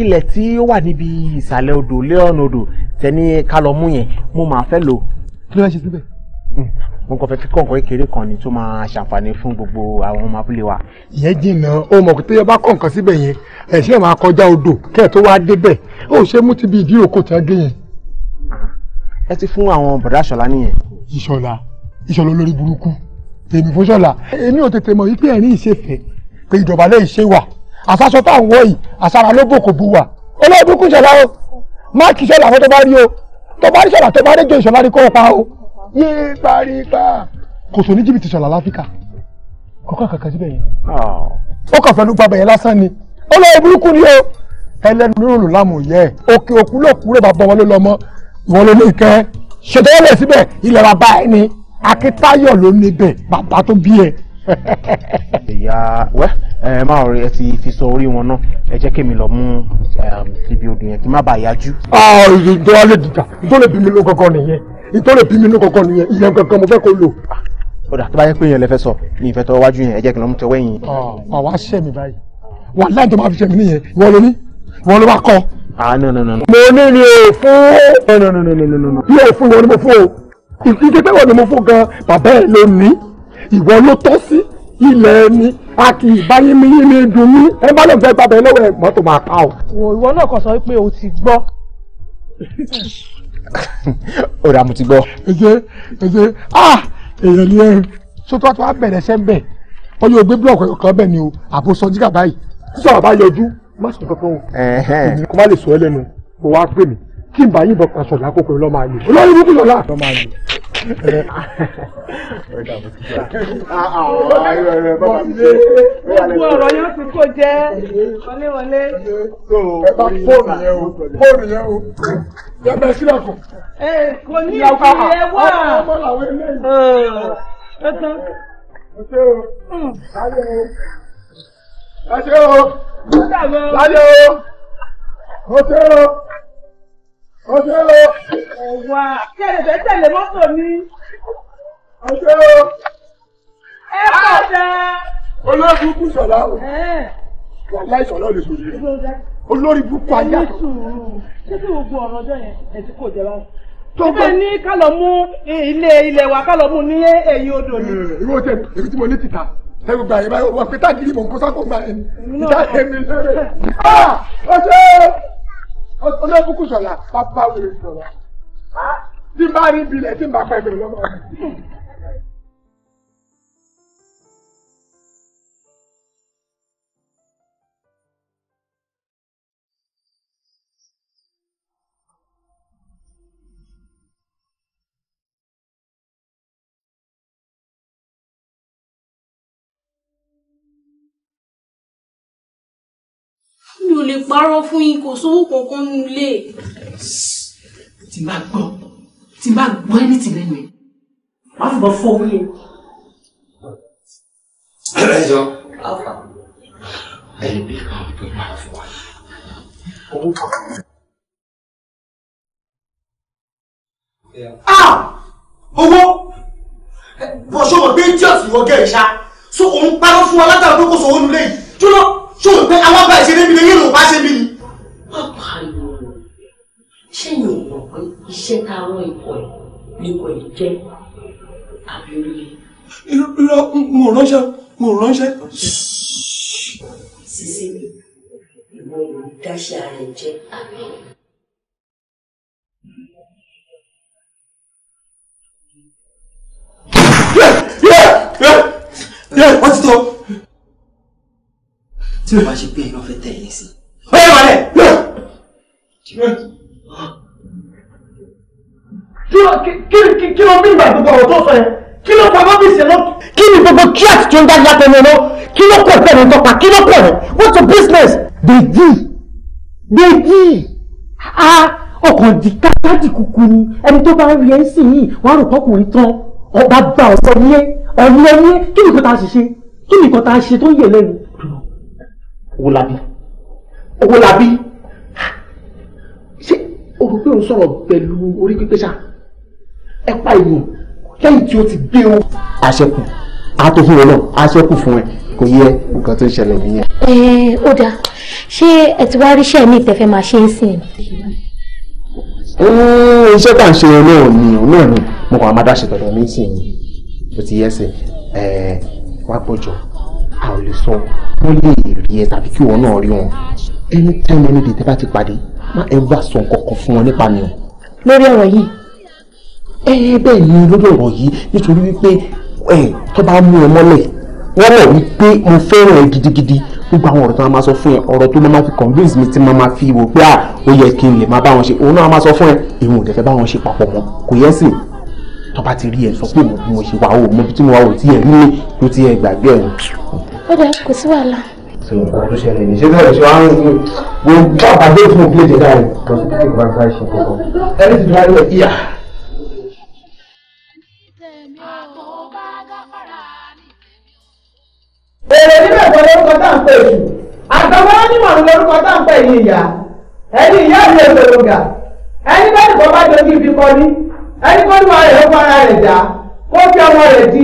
ilẹ̀ tí ó wà níbi ìsàlẹ̀ odò léọ̀nù odò tẹ́ni ká lọ mú yẹn mo máa fẹ́ lò. kí ló ń ṣe síbẹ̀. Hmm, mo kàn fẹ́ fi kọ̀ǹkọ̀ kékeré kan ni tó máa ṣàǹfààní fún gbogbo àwọn ọmọ abúlé wa. ìyẹn jìnnà o mọ̀ pé bá kọ̀ǹkan síbẹ̀ yẹn ẹ̀ṣẹ̀ máa kọjá odò kẹ́ ẹ̀ tó wá débẹ̀ ó ṣe mú ti bí ìdí òkò tí a gé yẹn. Ah, ẹ ti fún àwọn bọ̀dá ṣọlá nìyẹn. ìṣọlá ìṣòro lórí burúkú tèmi fúnṣọlá èmi ò tètè mọ̀ wípé ẹ̀rín ìṣèfẹ́ pé ìjọba lè ṣe wà àsásọ tá à ń wọ̀ yìí àsára ló bò kò bu wà olóòdù kù ṣọlá o má kì í ṣọlá fún tó bá rí o tó bá rí ṣọlá tó bá rí jọ ìṣọlá rí kó o pa o yé parípa kò sọ ní jìbìtì ṣọlá láfíríkà kọ́kọ́ kàkà síbẹ̀ yẹn ah. ó kàn fẹnu gbàgbẹ́ yẹn lásán ni olóòdù burúkú ni o ẹlẹ́nu ló lò lámù yẹ òkè òkú ló kúrò bàbá wọn ló lọ mọ́ ìwọ ló ní ìkẹ́ ṣètò ẹ̀ lẹ̀ síbẹ̀ ilẹ̀ bàbá ẹni akíntayọ̀ ló níbẹ̀ bàbá tó bí ẹ. ìyá wẹ́ ẹ máa rí ẹ ti fi sọ orí wọn náà ẹ jẹ́ kémi lọ mú um, ibi odò yẹn kí má bàa yájú. Ah, ìjọba lè dìjà ìjọba lè bí mi ló kankan nìyẹn ìjọba lè bí mi ló kankan nìyẹn ìyẹn kankan mo fẹ́ kó lò ó dà tó bá yẹ pé èèyàn lè fẹ́ sọ ní ìfẹ́ tọwọ́ wájú yẹn ẹ jẹ́ kí n lọ mú tọwọ́ ẹ̀yìn. Ah, àwa ṣẹ́ mi báyìí wà láì máa fi ṣe mí nìyẹn ìwọ ló ní ìwọ ló wá kọ. ah no no no. mo ní mi ò fún. mi ò fún wọn ni mo ìdíjẹ́ pẹ́wọ̀ ni mo fún gan bàbá ẹ̀ ló ní ìwọ ló tọ́ sí ilẹ̀ ẹni a kì í bá yínmí yínmí dùn mí ẹ bá lọ́n fẹ́ gbàbẹ̀ lọ́wọ́ ẹ̀ mọ́tò máa pa o. ìwọ náà kàn sọ pé o ti gbọ́ ọ̀rọ̀ àmú ti gbọ́. ẹ̀sẹ̀ ẹ̀sẹ̀ ah èèyàn ni ẹ̀rù sọ́tọ́ tó wá bẹ̀rẹ̀ ṣẹ́ ń bẹ̀ wọ́n yóò gbé búlọ̀kù kan bẹ̀ ni o àbò sọ jígà báyìí. sísọ àbá yọjú má sọ kankan o. kó má lè sọ ẹ lẹ́nu kó wá pè mí tí n bá yìnbọn kan sọ̀lá kókò lọ́ máa lò olórí burúkú lọ́la. lọ́ máa lò. Gbogbo ọ̀rọ̀ yóò ti kó jẹ́ wọléwọlé. Ẹ bá fóònù yẹn o, fóònù yẹn o. Yàgbẹ́ sílẹ̀ kù. Ẹ kò ní ìfìyẹ wà. Ẹ tán. Ẹ ṣe hmm. o. Ẹ ṣe o. Ẹ ṣe o. Ẹ ṣe o ọjọ́ o. ọ̀wà kẹ̀lẹ́fẹ́ tẹ̀lé mọ́tò mi. ọjọ́ o. ẹ padà. olórí kú sọ̀lá o. wàhálà ìsọ̀lá ò lè gbòdì. olórí burúkú ayé àtọ̀. ṣé kí gbogbo ọ̀rọ̀ ọjọ́ yẹn ẹ̀sìn kò jẹ́ báyìí tọ́gbọ́ ní ká lọ mú ilé ilẹ̀ wa ká lọ mú ní ẹ̀yìn odò ni. ìwọ tẹ èmi tí mo ní tìta ẹ̀rù gbà yẹn báyìí wọ́n pe táàgì ìbò nǹkan sákò gbà yẹn tìta èmi lẹ́rẹ̀. Ah! ọ̀ṣẹ́ olóòkùnkù sọ̀la bàbá wèrè sọ̀la bí n bá rí ibi ilẹ̀ tí n bá pẹ́ bẹ̀rẹ̀ lọ́wọ́ rẹ̀. lè parọ́ fún yín kò sówó kankan nù lé. tí bá gbọ́ tí bá gbọ́ ẹni tì lẹ́nu ẹ̀ wàá fìbọn fọ́ orí o. ẹjọ ẹyìn bí kan tó máa fún wa owó kankan. Ah! owó bọ̀ṣọ́ mọ̀ pé díọ̀sì wọ́gẹ́ ìṣá so òun parọ́ fún wa látàrí pé kò nulẹ̀ yìí dúró ṣó o pé àwọn bá ìṣeré mi lè yín bá ṣe mí ni. wọ́n pa ṣé ìyẹn ò pé iṣẹ́ tá a ikọ̀ ẹ̀ ni kò jẹ́ àbí oríire. mo ránṣẹ́ sísè mi ìwọ ò dáṣẹ́ ara ẹ̀ jẹ́ àbí. Yeah, yeah, yeah, what's it up? tí o bá ṣe pé iná fẹ́ tẹ̀ yín sí. ó yẹ wàlẹ̀. kí ló bí ìgbà gbogbo ọ̀rọ̀ tó sọ yẹn kí ló pa bọ́bíìsì lọ. kí ni gbogbo threat tó ń dá yàtọ̀ mi lọ kí ló pọ̀ pẹ̀lú tọpa kí ló pọ̀ rẹ̀ what's your business. dèjì dèjì a ọkàn di kákàdì kúkú ni ẹni tó bá ń rí ẹ sí yìí wọn á rò pọkùnrin tán ọba gba ọsẹ nílé ọ̀nìyẹ nílé kí ni nǹkan tá a ṣe ṣe kí ni nǹkan tá a ṣe tó yẹ lẹ́nu Owólabí Owólabí ṣé o rò pé o sọ̀rọ̀ pẹ̀lú orí pípé ṣá ẹ pa ìmọ̀ lẹ́yìn tí o ti gbé o. àṣẹkù àtòfin rẹ náà àṣẹkù fún ẹ kò yẹ nǹkan tó ń ṣẹlẹ̀ nìyẹn. ẹ ó dáa ṣé ẹ ti wá ríṣẹ́ ní ìtẹ́fẹ́ máa ṣe é sìn. iṣẹ́ tá à ń ṣe náà ni náà ni mo kàn máa dá ṣe tọ̀dọ̀ mi sìn yìí bó ti yẹ sí ẹ wá gbọ́jọ a ò lè sọ wọ́n lè rí ẹ tàbí kí wọn náà rí wọn anytime any day tẹ́ bá ti pàdé má ẹ bá sọ nǹkan kan fún wọn nípa mi o. lórí ọ̀rọ̀ yìí. ẹ bẹ́ẹ̀ ni lórí ọ̀rọ̀ yìí nítorí wípé ẹ tó bá mú ẹ mọ́lẹ̀ wọ́n mọ̀ wípé mo fẹ́ràn ẹ gidigidi gbogbo àwọn ọ̀rọ̀ tó máa sọ fún ẹ ọ̀rọ̀ tó máa fi convince mi tí máa fi wò pé à ó yẹ kí n lè máa bá wọn ṣe òun náà máa sọ fún ẹ èmi ò dẹ̀ fẹ́ bá wọn ṣe papọ̀ mọ́ kò yẹ sí tó bá ti rí ẹ sọ pé mo ṣe wà ó mo bí tí mo ó tí ẹ rí mi ló ti ẹ gbàgbé ẹ ó dẹ̀ kò sí wàhálà. so nǹkan tó ṣẹlẹ̀ ní ṣé sọ̀rọ̀ ṣe wá ń wo wo bàbá dé fún òbí èdè dáa lọ sí kí bàbá bá ṣe kọ̀kọ́ ẹni tí wàá lọ ìyá. èrè nígbà tó lórúkọ tá à ń pè jù àgbàwọ́ onímọ̀ràn lórúkọ tá à ń pè ní ìyá ẹni ìyá mi ò lòrò gà ẹni bá nìkan bá dojú ibi kọ ní ẹni kó ní wàá rẹ̀ ó fara rẹ̀ dá kó fi ọmọ rẹ̀ di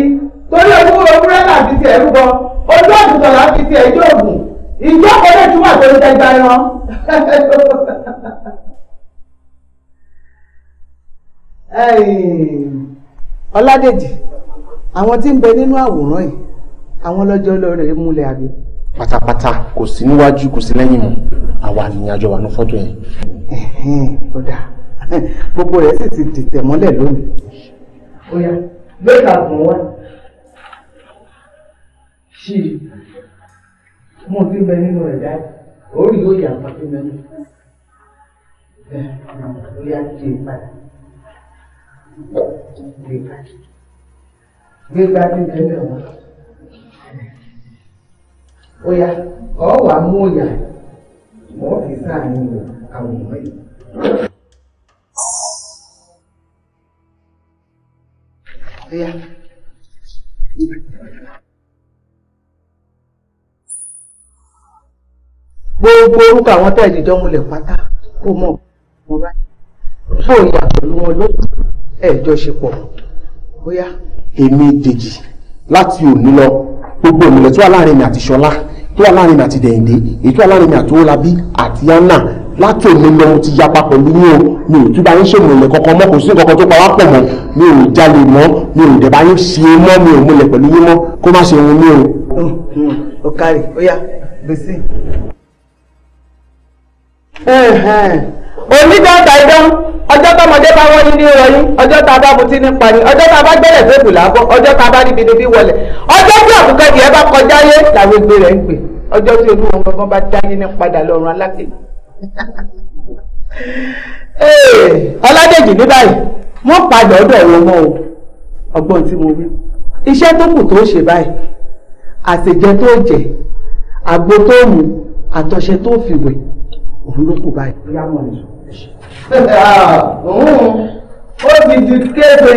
torí owó owó rẹ̀ làbí ti ẹ̀rú bọ́ ojú àgùntàn là ń fi ti ẹjọ́ ògùn ìjọ kọlé túmọ̀ àtẹnu tẹgbà ẹran. ọládèjì àwọn tí ń bẹ nínú àwòrán yìí àwọn lọ́jọ́ lọ́rẹ̀ múlẹ̀ àbí. pátápátá kò sí níwájú kò sí lẹ́yìn mọ́ àwa nìyẹn àjọ wà ní fọ́tò yẹn. ó dáa gbogbo rẹ̀ sì ti dìtẹ̀ mọ́lẹ̀ lónìí. ó yá lóòótọ́ àbùwọ́n ṣì mú ti bẹ nínú rẹ̀ jáde orí yóò yà pa sí mẹ́nu bẹ́ẹ̀ ló yá ti lè padà lè padà gbé gbájú tẹ́lẹ̀ wọn. ó yá ọ wàá mú òyà wọ́n fi sáàánú àwòrán yìí. ó gbogbo orúkọ àwọn tẹ́ ìdìjọ́ múlẹ̀ pátá kó mọ̀ mo bá tó ìyà pẹ̀lú wọn ló ẹ̀jọ́ ṣe pọ̀ bóyá. èmi dèjì láti òní lọ gbogbo ìmùlẹ̀ tó wà láàrin mi àti ṣọlá tó wà láàrin mi àti dẹ̀yìndé èyí tó wà láàrin mi àti owólabí àti anna láti òní lọ mo ti yapa pẹ̀lú yín o mi ò tún bá yín ṣèmọ̀ ilẹ̀ kankan mọ́ kò sí nǹkan kan tó pa wá pọ̀ mọ́ mi ò jalè mọ́ mi ò dẹ̀ bá yín ṣe é mọ́ mi ò múlẹ̀ pẹ̀lú yín mọ́ kó má ṣe ohun mi o. ọ̀kàrẹ̀ ó yá gbèsè onídọ́ta idán ọjọ́ tọmọdé bá wọ́n ní ìrọ̀yí ọjọ́ tá a bá mutí ní pani ọjọ́ tá bá gbẹ̀rẹ̀ fèbù làbọ̀ ọjọ́ tá bá níbi níbi wọlé ọjọ́ tí àbùkẹ́kì ẹ bá kọjá yé làwọn ẹgbẹ́ rẹ̀ ń pè ọjọ́ tí olúwo gbọ́ngàn bá dáyé ní padà lọ́rùn alákè. ọládèjì ní báyìí wọ́n padà ọ̀dọ̀ ẹ̀rọ mọ́ o ọgbọ́n tí mo wí iṣẹ́ tó kù tó ṣe báyìí àtẹ̀jẹ tó jẹ àgbo tó mu àtọ̀ṣẹ tó fìwẹ̀ òun ló kù báyìí. ó ah, ti di kéde.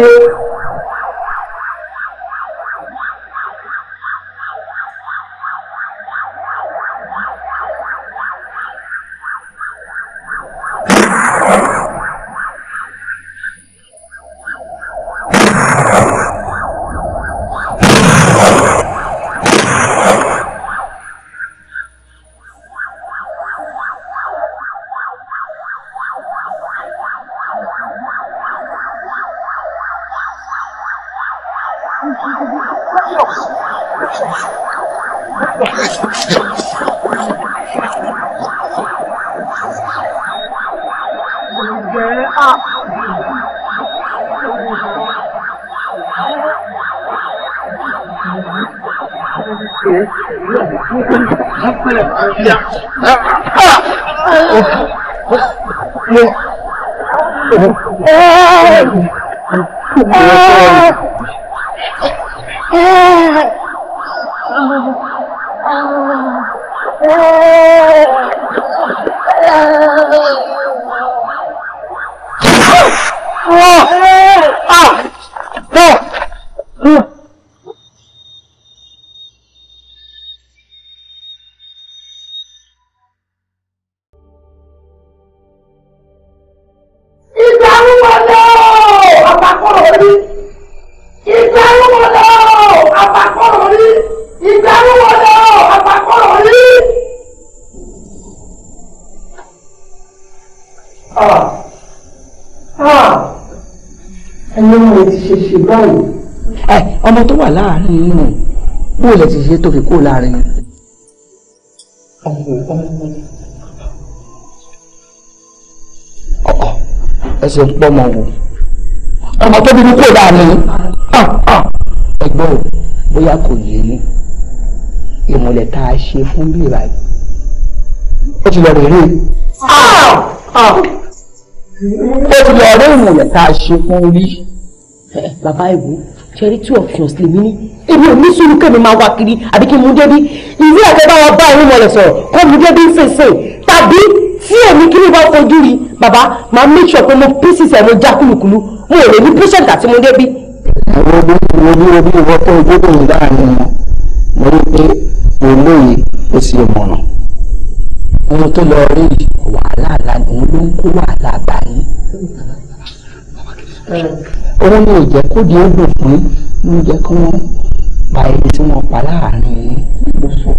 láàrin inú bó lẹ ti ṣe tó fi kó láàrin. ọmọ ọmọ ọkọ ẹsẹ pọ ọmọ wò ọmọ tó bínú kó láàrin ẹgbọ́n o bóyá kò yé ní ìmọ̀lẹ̀ tá a ṣe fún bíra yìí ó ti lọ rèé ó ti lọ rí ìmọ̀lẹ̀ tá a ṣe fún orí bàbá ìwú ṣẹ́rí tí ọ̀kìọ̀ sì mí ní èmi ò ní sùúrù kẹ́mi máa wá kiri àbí kí n mú débi ìwé ẹ̀fẹ́ bá wa bá òun mọ̀lẹ̀ sọ̀rọ̀ kọ́ mú débi fèsì tàbí tí èmi kiri bá fojú rí bàbá máa make sure pé mo pieces ẹ̀ mo já kúlùkùlù mo ò lè ní patient àti mo débi. àwọn obìnrin wo bí obi ìwọ tó ojú tó ń dáhùn mo rí pé olóye ó sì mọ̀nà ohun tó lọ rí wàhálà òun ni ìjẹ́ kó di ó dùn fún ń jẹ́ kí wọ́n pa ẹni tí wọ́n pa láàrin gbogbo.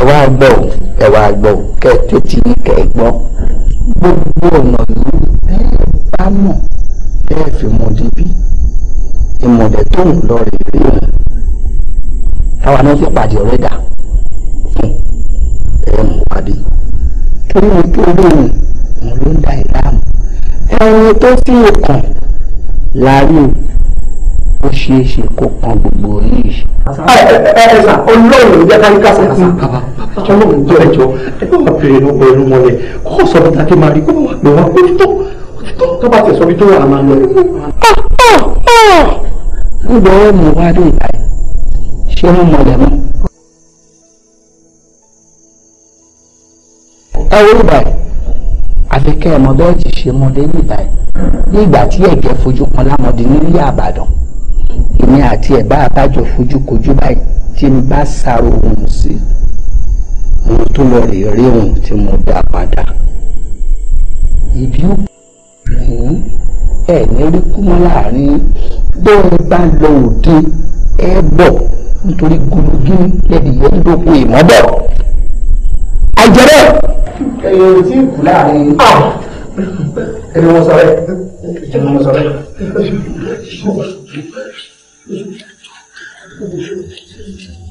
ẹ wá gbọ́ ò ẹ wá gbọ́ ò kẹ́ ẹ tètè kẹ́ ẹ gbọ́ gbogbo ọ̀nà yìí bẹ́ẹ̀ bá mọ̀ bẹ́ẹ̀ fi mọ̀ débi ìmọ̀lẹ̀ tó ń lọ rè rí òun táwa náà fi pàdé ọ̀rẹ́ dà fún ẹ̀ ń pàdé torí mi tó lóhùn òun ló ń da ìlànà ẹni tó fi kàn láàrin ó ṣeé ṣe kó kan gbogbo yìí. ẹ̀sà ọlọ́run ìjẹ́ ká ní ká sẹ́kù ọlọ́run jọ ẹ̀jọ́ ẹ bá wà fèrè ní ọgbà ẹnu mọ́lẹ̀ kó sọ fún tàkì máa rí kó máa pè wá ojú tó ojú tó tó bá tẹ̀ sọ bí tó wà máa lọ. nígbà ó mú wá dé ìgbà yìí ṣé wọ́n mọ̀lẹ̀ mọ́. ẹ wọ́n báyìí àfi kẹ́ ẹ̀ mọ bẹ́ẹ̀ ti ṣe mọdé nígbà yìí ní ìgbà tí ẹ̀jẹ̀ fojú kan lámọdé nílé àbàdàn èmi àti ẹ̀ bá àbájọ fojú kojú báyìí tí n bá sáró ohun sí mo tó lọ rè rí ohun tí mo dá padà ìbí òkùnkùn ẹ̀ ní rí kúmọ́ láàrin bẹ́ẹ̀ bá lọ òde ẹ bọ̀ nítorí gúlúgún lẹ́bi yẹn ń dókun ìmọ́bọ̀ àjẹrẹ́ èyí tí kù láàrin yìí. ẹni wọn sọ rẹ ẹni wọn sọ rẹ. Thank you.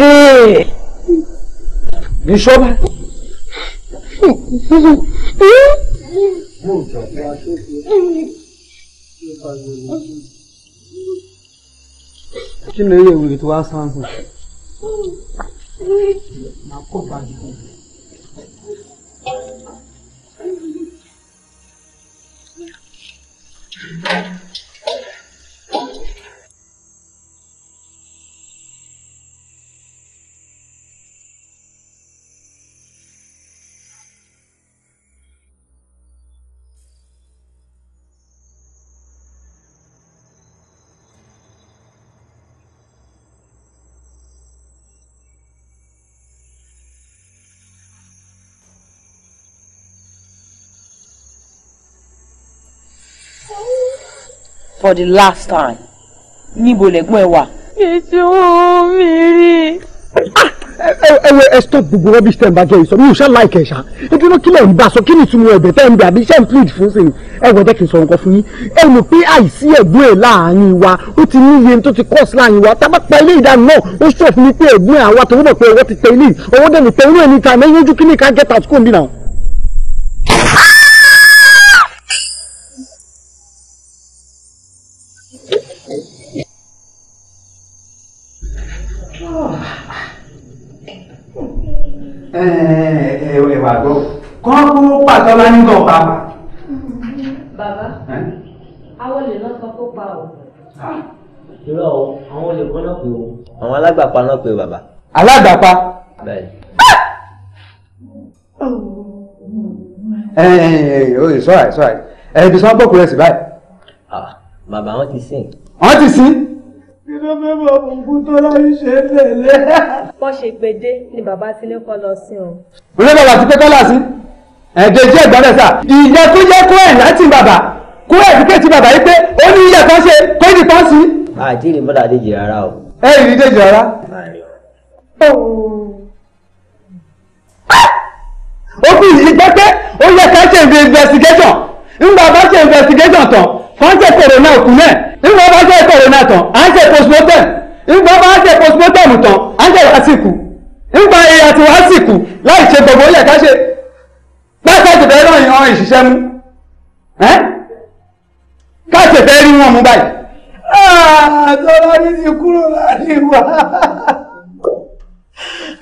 rèé. Bíṣọ́bà. Kí ni eré tó wá sáńsì? Màá kó bàjẹ́. for the last time níbo lẹ́gbọ́n ẹ wà. ètò omi rí. Ah, ẹ wẹ ẹ stop gbogbo rubbish tẹ́ ń bá jẹ́ ìsọ mi ò ṣá láì kẹ̀ṣá ètò iná kílẹ̀ ń bá aṣọ kí ni ìtumọ̀ ẹ̀bẹ̀ tẹ́ ń bẹ̀ àbí iṣẹ́ ń plead fún sí ni ẹ wọ jẹ́ kí n sọ nǹkan fún yín ẹ mọ̀ pé àìsí ẹ̀gbọ́n ẹ̀ láàárín wa ó ti ní iye tó ti cost láàárín wa tábà pa ilé ìdáná náà ó sọ fún mi pé ẹ̀gbọ́n àwa tó wọ́n mọ̀ pé ọwọ́ ti tẹ ilé ọwọ́ dẹ̀ ní tẹ irú ẹni ta mẹ́yìn get out kó ń bí ẹwà gbọ́ kọ́ kó pàtó bá ní gan pàápàá. bàbá àwọn olè náà sọ kó pa o. irọ́ o àwọn olè kan náà pè o. àwọn alágbàpá náà pè o bàbá. alágbàpá. bẹ́ẹ̀. ẹ ẹ oye sọ́ra sọ́ra ẹ ibi sọ́ra bọ́ọ̀kù rẹ̀ sí báyìí. bàbá wọn ti sìn. wọn ti sìn kí ló fẹ́ bọ̀ òkú tó láyé ṣe é lẹ̀lẹ́. wọ́n ṣe gbèdé ni bàbá ti ní kọ́ lọ sí wọn. òṣèlú bàbá ti pé kọ́lá sí ẹ̀jẹ̀ jẹ́ ìgbàlẹ̀ sà ìyẹn tó yẹ kó ẹ̀ láti bàbá kó ẹ̀díkẹ́tì bàbá yìí pé ó ní iye kan ṣe kó ní kan sí. àti ìrìn bọ́dà déjì rárá o. ẹ ìrìn déjì rárá. ó fi yìí pé ó yẹ ká ṣe investigation ń bàbá ṣe investigation tán fọ́nṣẹ́ kòrónà òkú náà nígbà bá jẹ́ ìtọ́rẹ náà tán à ń ṣe postmortem nígbà bá ṣe postmortem tán à ń ṣe wàásìkù nígbà ẹyẹ àti wàásìkù láì ṣe gbogbo ilẹ̀ ká ṣe pẹ́ẹ́sẹ̀ tẹ̀fẹ́ náà yan ìṣiṣẹ́ mú ká tẹ̀fẹ́ rí wọn mú báyìí. àtọ́lá ah, ní ti kúrò láàrin wa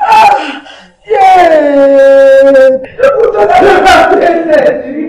ah, yéé kúrò láàrin wa tẹ̀lé.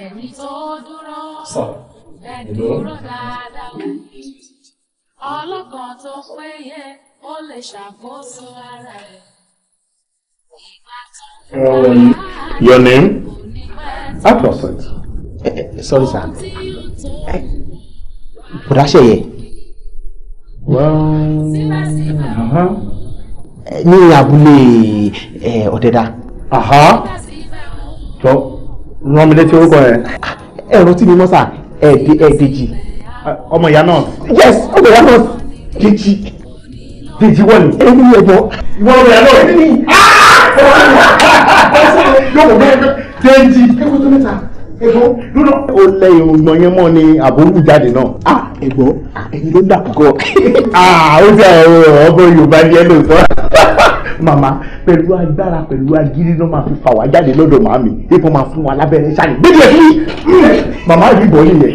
ẹ̀rí tó dúró bẹ́ẹ̀ dúró dáadáa ọlọ́kàn tó péye ó lè ṣàkóso ara rẹ̀. Um, your name? Apostle. Uh, uh, sorry, sir. Bùdá eh, Ṣèyẹ. Uh-huh. Eh, ní abúlé eh, rán mi létí orúkọ yẹn. ẹ̀rọ tí mi mọ́ sà ẹ̀ẹ́dẹ́ ẹ̀ẹ́dẹ́jì. ọmọ ìyá náà. yes ọmọ ìyá náà dèjì dèjì wọ́n ni. èmi yẹ bọ́. ìwọ ọmọ ìyá náà èmi ni. yóò bẹ́ẹ̀ dèjì. ẹ̀kọ́ tó mẹ́ta ẹ̀gbọ́n lónà. ó lẹ ìrùngbọ̀n yẹn mọ́ ni àbórú jáde náà. a ah, ẹ̀gbọ́n ẹ̀yin ló dà kọ́kọ́. Ah, ó jẹ́ ọ̀rọ̀ ọgbọ́n Yorùbá ni ẹ lò sọ́ra. Mama, pẹ̀lú agbára pẹ̀lú agídí ló máa fi fà wá jáde lọ́dọ̀ màmí ipò máa fún wa lábẹ́rẹ́ sáré gbẹ́dì ẹ̀ sí màmá yìí bọ̀ nìyẹn.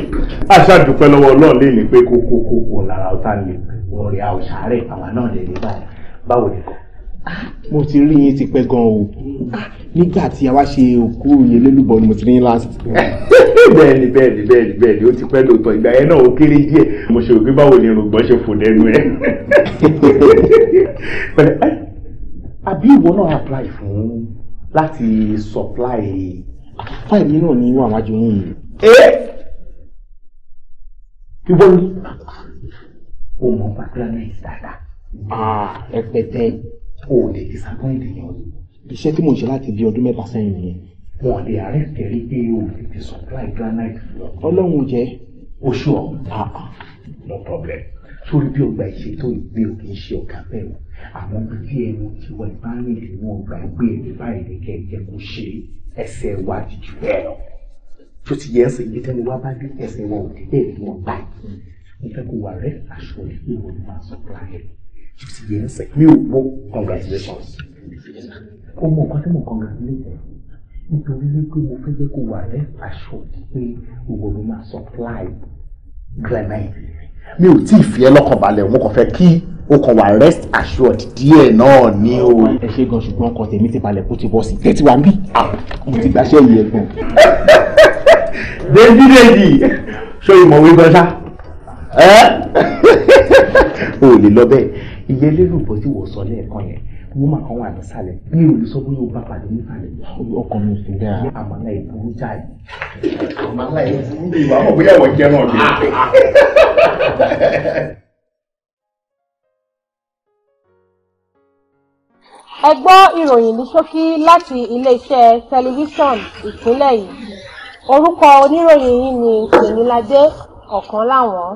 àṣà dúpẹ́ lọ́wọ́ ọlọ́run lè ní pé kókó kókó lára ọ̀tá lè wọ́n rí àwọn sàárẹ̀ àwọn náà lè rí báyìí báwo ni kò mo ti rí yín ti gan o nígbà tí a wá ṣe òkú yẹn lólùbọ ni mo ti rí yín last. bẹ́ẹ̀ni bẹ́ẹ̀ni bẹ́ẹ̀ni bẹ́ẹ̀ni o ti pẹ́ lóòótọ́ ìgbà yẹn náà ó kéré díẹ̀ mo ṣe òbí báwo ni irùngbọ̀n ṣe fò lẹ́nu ẹ. àbí ìwọ náà apply fún láti supply àfáì mi náà ní wàá wájú yín yìí. ẹ ìwọ ni o mọ patronage dáadáa. rẹpẹtẹ. o lè disappoint èèyàn. iṣẹ́ tí mo ṣe láti bí ọdún mẹ́ta sẹ́yìn nìyẹn. wọn lè arrest rí pé o lè ti supply granite. ọlọ́run jẹ́. oṣù ọ̀ no problem sórí bí o àwọn ibi tí ẹnu ti wọ ìbárìn nínú ọgbà ìgbé ẹni báyìí ní kẹ̀kẹ́ kò ṣe ẹsẹ̀ wa jù bẹ́ẹ̀ lọ tó ti yẹ ẹsẹ̀ ibi tẹ́ni wá bá dé ẹsẹ̀ wọn ò dédé ní ọgbà yìí mo fẹ́ kó wà rẹ́ aṣọ ìwé wọn ni máa sọ́pla ẹ̀ tó ti yẹ ẹsẹ̀ mi ò wọ congratulations ó mọ nǹkan tí mo congratulate nítorí wípé mo fẹ́ jẹ́ kó wà rẹ́ mi ò tí ì fi ẹ́ lọ́kàn balẹ̀ mo kàn fẹ́ kí o kàn wà rest assured díẹ̀ náà ni o. ẹ ṣe gan ṣùgbọ́n ọkọ tèmi ti balẹ̀ kó ti bọ́ sí i tẹ́tí wa ń bí mo ti gbàṣẹ́ yìí ẹ̀gbọ́n. dèjì dèjì ṣé ìmọ̀wé gan ṣá o lè lọ bẹ́ẹ̀ ìyẹn lérò bọ́ sí wòsàn lẹ́ẹ̀kan yẹn wọ́n kan wà nísàlẹ̀ bí o lè sọ bóyá o bá pàdé nísàlẹ̀ ọkàn mi sì dáa. ní àmàlà yìí burú jáì. àmàlà yìí burú bí ìwà mọ̀ bóyá ìwà jẹ́ náà bí. ẹ gbọ́ ìròyìn ní ṣókí láti iléeṣẹ́ tẹlifíṣọ̀n ìpínlẹ̀ yìí orúkọ oníròyìn yìí ni tèmiládé ọ̀kan láwọn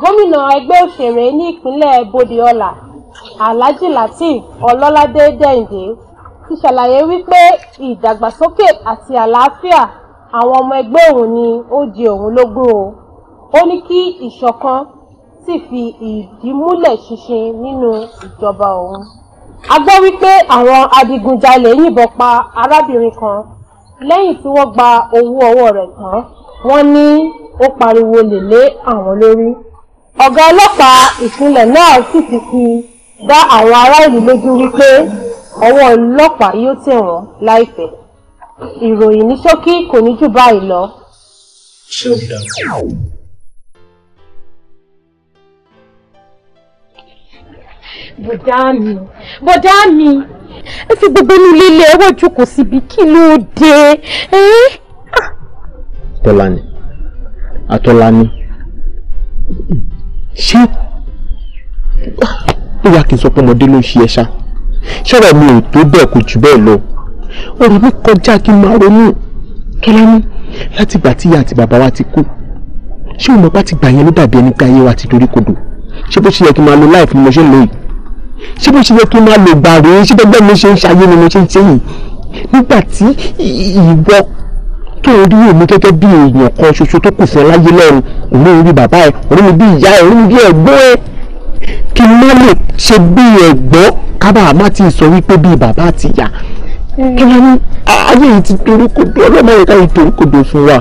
gómìnà ẹgbẹ́ òṣèré ní ìpínlẹ̀ bòdeọlà alhaji lateef ọlọ́ládé dẹ́yìndé ti ṣàlàyé wípé ìdàgbàsókè àti àlàáfíà àwọn ọmọ ẹgbẹ́ òun ni ó di òun lógún o ó ní kí ìṣọ̀kan sì fi ìdí múlẹ̀ ṣinṣin nínú ìjọba òun. a gbọ́ wípé àwọn adigunjalè yìnbọn pa arábìnrin kan lẹ́yìn tí wọ́n gba owó ọwọ́ rẹ̀ tán wọ́n ní ó pariwo lè lé àwọn lórí. ọ̀gá ọlọ́pàá ìpínlẹ̀ náà sì ti fi dá àwọn ará ìlú lójú wípé ọwọ́ ọlọ́pàá yóò tẹ̀ wọ́n láìpẹ́ ìròyìn ní ṣókí kò ní jù báyìí lọ. bọ̀dá mi bọ̀dá mi ẹ fi gbogbo inú ilé ilé ẹ wá jókòó síbi kí ló dé. tọ́lání atọ́lání ṣé bóyá kí n sọ pé ọmọdé ló ṣe ẹṣá ṣọ́rọ̀ mi ò tó bẹ́ẹ̀ kò jù bẹ́ẹ̀ lọ ọ̀rọ̀ mi kọjá kí n máa ronú tọ́lámú láti ìgbà tí ìyá àti bàbá wa ti kú ṣé òun bàbá ti gbà yẹn ló dàbí ẹni pé ayé wa ti dorí kodò ṣé bó ṣe yẹ kí n máa lo láìfún mi mo ṣe ń lò yìí ṣé bó ṣe yẹ kí n máa lo gbà rèé ṣé bẹ́gbẹ́ mi ṣe ń ṣayé ni mo ṣe ń ṣe yìí nígbà tí ìwọ tó rí èmi gẹ́gẹ́ bí èèyàn kan ṣoṣo tó kù fún ẹ láyé lọ́run òun ò rí bàbá ẹ òun ò rí ìyá ẹ òun ò rí ẹ̀gbọ́n ẹ kí n má lè ṣe bí ẹ̀gbọ́n kábà má ti sọ wípé bí bàbá àti ìyá kí wọ́n ní ayé yìí ti torí kodo ọlọ́mọ yẹn káyọ̀ torí kodo fún wa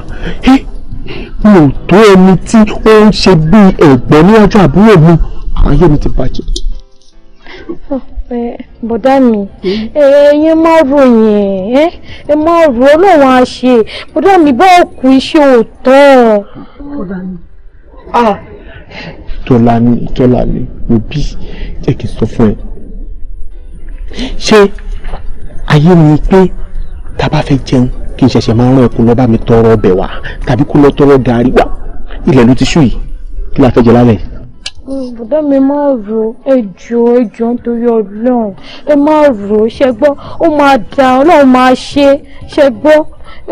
mi ò tó ẹni tí ó ń ṣe bí ẹ̀gbọ́n ní ọjọ́ àbúrò mi ayé mi ti bàjẹ́. bọ̀dá mi ẹ̀yin má ro yẹn ẹ má ro ọlọ́wọ́n á bọ̀dá mi bá òkú iṣẹ́ òótọ́. bọ̀dá mi. Tọ́lání Tọ́lání òbí jẹ́ kí n sọ fún ẹ. Ṣé ayé ni pé tá a bá fẹ́ jẹun kí n ṣẹ̀ṣẹ̀ máa rán ẹ̀kú lọ bá mi tọrọ ọbẹ̀ wá tàbí kó lọ tọrọ gàrí wá ilẹ̀ ló ti ṣú yìí kí la fẹ́ jẹ lálẹ́ yìí mi máa rò ẹjọ ẹjọ nítorí Ọlọ́run ẹ máa rò ṣe gbọ́ ó máa da Ọlọ́run máa ṣe ṣe gbọ́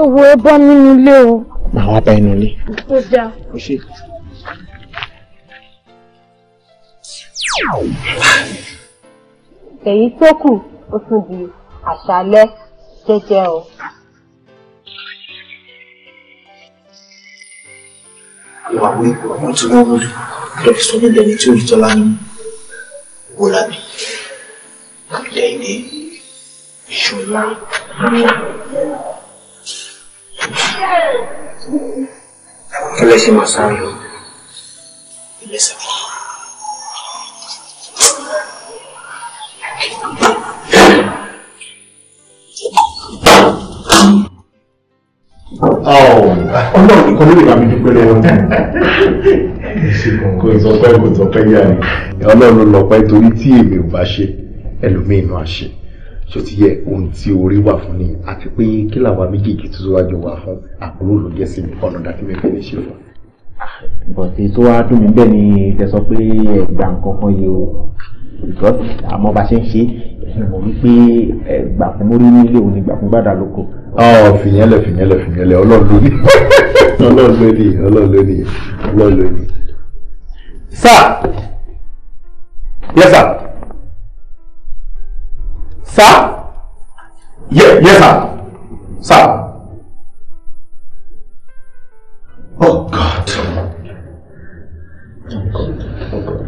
ẹ ẹ bá mi nílé o. màá wá bá ẹ nílé. ó dáa. ó ṣe. èyí tó kù ó tún di àṣálẹ́ jẹ́jẹ́ o. ìwà wo ipò àwọn tí wọ́n wọlé lọ fi sọ nílẹ̀ ní tí ò rí tọ́lá ní wò lábẹ́ lẹ́yìn ní ìṣòro kí lè ṣe máa sáré o ilé sẹ́kọ̀ọ́. ọlọ́run nìkan ló lè bá mi dúpẹ́ lọ́wọ́ ní kò sọpẹ́ kò sọpẹ́ yá ni ọlọ́run lọ́pẹ́ torí tí èmi ò bá ṣe ẹlòmíín náà ṣe tó ti yẹ ohun tí orí wà fún ni àti pé kí làwa méjèèjì tó wájú wà fún àbúrò ló jẹ́ sí mi ọ̀nà dàtí mi fẹ́ lè ṣe fún. bọ̀dé tó wá dùn mí bẹ́ẹ̀ ni ẹ sọ pé ẹ̀gbà nǹkan kan yìí o àmọ́ bá ṣe ń ṣe mo rí pé ẹ̀gbà fún mórí nílé òun ni gbà fún gbàdá lóko ọ fìyẹnlẹ fìyẹnlẹ fìyẹnlẹ ọlọ́ọ̀lọ́ ni ọlọ́ọ̀lọ́ ni sá yes sá yes sir sá. Oh God. Oh God.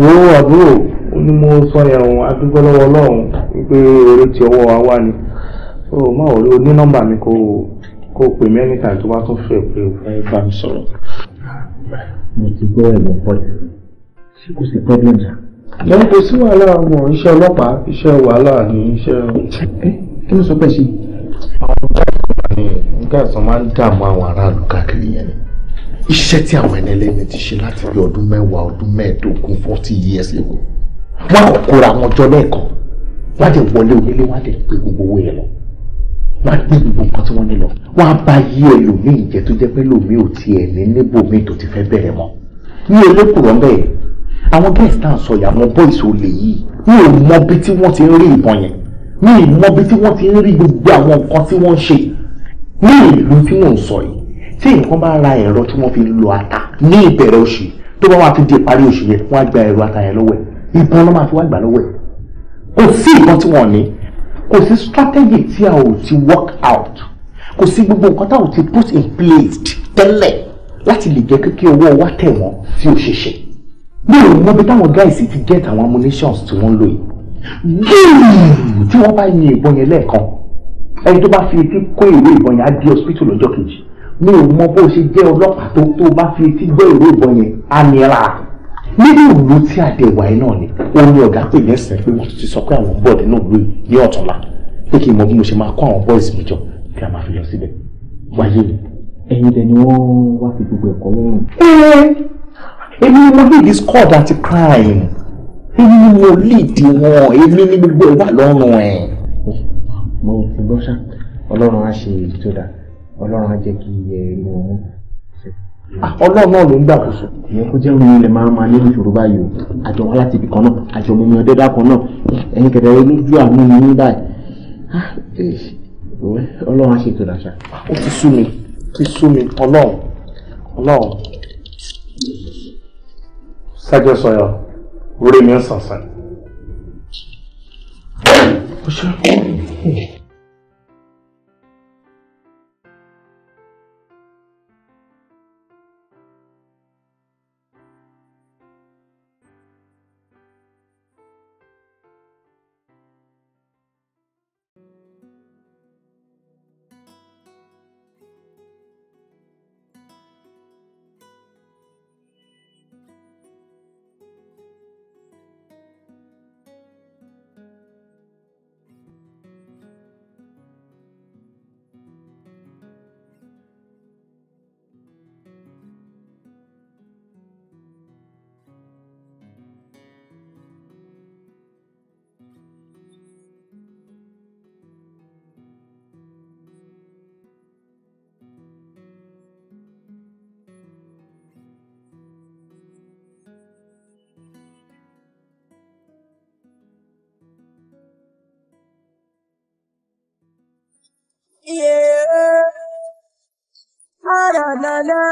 Oh ó ní mo sọ yẹn òun ọlọ́run wípé eré tí ọwọ́ wa wà ní o má ò ní nọ́mbà mi kó kó pè mí anytime tó bá tún fẹ́ pé o fẹ́ bá mi sọ̀rọ̀. mo ti gbọ́ ẹ̀mọ̀ pọ̀ jù ṣé kò sí problem sa. lọ́n kò sí wàhálà wọn iṣẹ́ ọlọ́pàá iṣẹ́ wàhálà ní iṣẹ́. kí ló sọ pé ṣe. àwọn nǹkan ìsàn máa ń dààmú àwọn aráàlú káàkiri yẹn ni iṣẹ́ tí àwọn ẹni ẹlẹ́ni ti ṣe láti bí ọdún mẹ́wàá ọdún mẹ́ẹ̀ẹ́dógún forty years ago wọ́n á kóra wọn jọ lẹ́ẹ̀kan wọ́n á dẹ̀ wọlé onílé wọ́n á dẹ̀ gbé gbogbo owó yẹn lọ wọ́n á gbé gbogbo nǹkan tí wọ́n ní lọ wọ́n á bá yí ẹlòmíì jẹ́ tó jẹ́ pé lòmíì ò tiẹ̀ ní níbòmíì tó ti fẹ́ bẹ̀rẹ̀ mọ́ ní elékùrọ̀ bẹ́ẹ̀ àwọn guest náà sọ yà àwọn boys ò lè yí mi ò mọ bí tí wọ́n ti ń rí ìbọn yẹn mi ò mọ bí tí wọ́n ti ń rí gbogbo àwọn nǹkan tí wọ́n ń ṣe ní ìlú tí mò ń sọ yìí tí nǹkan bá ra ẹ̀rọ tí wọ́n fi lo ata ní ìbẹ̀rẹ̀ oṣù tó bá wà fi di ìparí oṣù yẹn wọ́n á gba ẹ̀rọ ata yẹn lọ́wọ́ ẹ̀ ìbọn ló máa fi wá gbà lọ́wọ́ ẹ̀ kò sí ìbọn tí wọ́n ní kò sí strategy tí a ò ti work out kò sí gbogbo nǹkan tá a ò ti put in place tẹ́lẹ̀ láti lè jẹ́ kí ọwọ́ wa tẹ̀ wọ́n tí ò ṣe ṣe bí òun mọ̀ bí táwọn guys ti get àwọn ammunitions tí wọ́n ń lò yìí gíìmù tí wọ́n bá yin ìbọn yẹn lẹ́ẹ̀kan ẹni tó bá fi etí kó ìwé ìbọn yẹn á di hospital lọ́jọ́ kejì mi ò mọ̀ bó ṣe jẹ́ ọlọ́pàá tó tó bá fi etí gbọ́ ìwé ìbọn yẹn á ní níbi ìlú tí a wà yìí náà ni ó ní ọ̀gá pè ní ẹ̀sìn pé wọ́n ti sọ pé àwọn bọ́ọ̀dù náà lóye ní ọ̀túnla pé kí n mọ bí mo ṣe máa kó àwọn bọ́ọ̀sì mi jọ kí a máa fi lọ síbẹ̀ wáyé ni. ẹ̀yin dẹ̀ ni wọ́n wá fi gbogbo ẹ̀kọ́ lẹ́yìn. èmi ni mo lead this squad àti crime èmi ni mo lead wọn èmi ni gbogbo ẹ̀ wà lọ́rùn ẹ̀. mo ti gbọ́ ṣá ọlọ́run á ṣe èyí tó dáa ọlọ́run á jẹ́ kí ẹ rí Ah, ọla náà ló ń gbàkóso. ìyẹn kó jẹ́ òun ilẹ̀ máa ń máa nílùú ìṣòro báyìí o àjọ wọn láti ibì kan náà àjọ mọ̀mí ọdẹ dákan náà ẹ̀yin kẹ̀dẹ̀ rẹ lójú àánú mi ní báyìí. Ah, eh, ọlọ́run á mi ti sú mi ọlọ́run ọlọ́run. sẹ́jọ́ The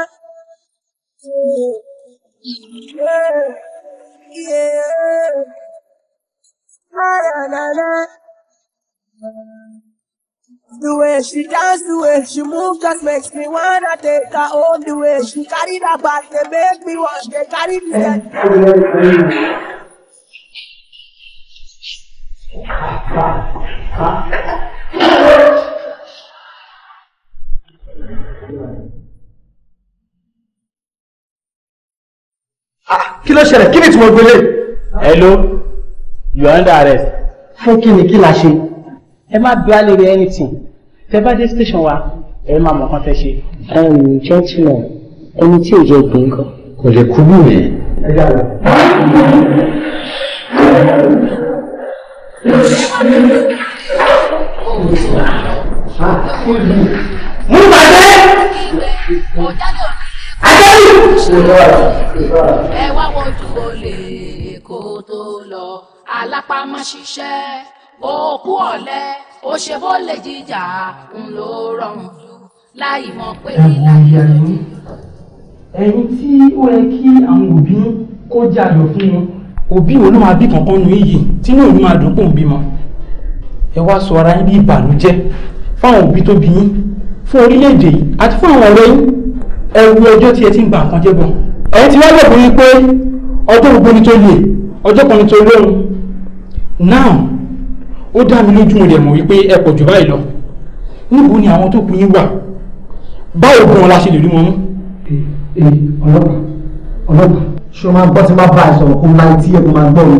way she dance, the way she move just makes me wanna take her home. The way she carry that back, they make me want to carry me. ló ṣẹlẹ̀ kí ni tí mo gbélé. hello you are under arrest. fún kí ni kí la ṣe. ẹ má bí alẹ́ rẹ anything tẹ bá dé station wa ẹ má mọ̀ kán fẹ́ ṣe. ẹn um, gentleman ẹni tí ò jẹ gbìn kan. kò lè kú mú mi. Mú bàjẹ́. Adébí. Ẹ wá wojú olè kó tó lọ, alápá má ṣiṣẹ́, òkú ọ̀lẹ, ó ṣe bó lè jíjà, ń ló rọrùn jù láì mọ̀ pé láyé rẹ̀. Ẹ̀yin tí ó yẹ kí àwọn òbí kó jàdọ̀ fún wọn òbí wo ló máa bí kankan nu yìí tí inú òun máa dùn kó ń bímọ ẹ wá sọ ara yín bí ìbànújẹ́ fáwọn òbí tó bí yín fún orílẹ̀-èdè yìí àti fún àwọn ọ̀rẹ́ yín ẹ wo ọjọ́ tí ẹ ti ń ba nǹkan jẹ́ bọ̀ ẹ̀yin ti wá lè bóyí pé ọjọ́ gbogbo ni tó lè ọjọ́ kan ni tó lóhun now ó dá mi lójú rẹ̀ mọ̀ wípé ẹ pọ̀ jù báyìí lọ níbo ni àwọn tó kù yín wà báwo gan la ṣe lè rí wọn mú. ọlọ́pàá ọlọ́pàá ṣé o máa gbọ́ tí máa bá ẹ sọ̀rọ̀ kó máa tí ẹ kó máa gbọ́ mi.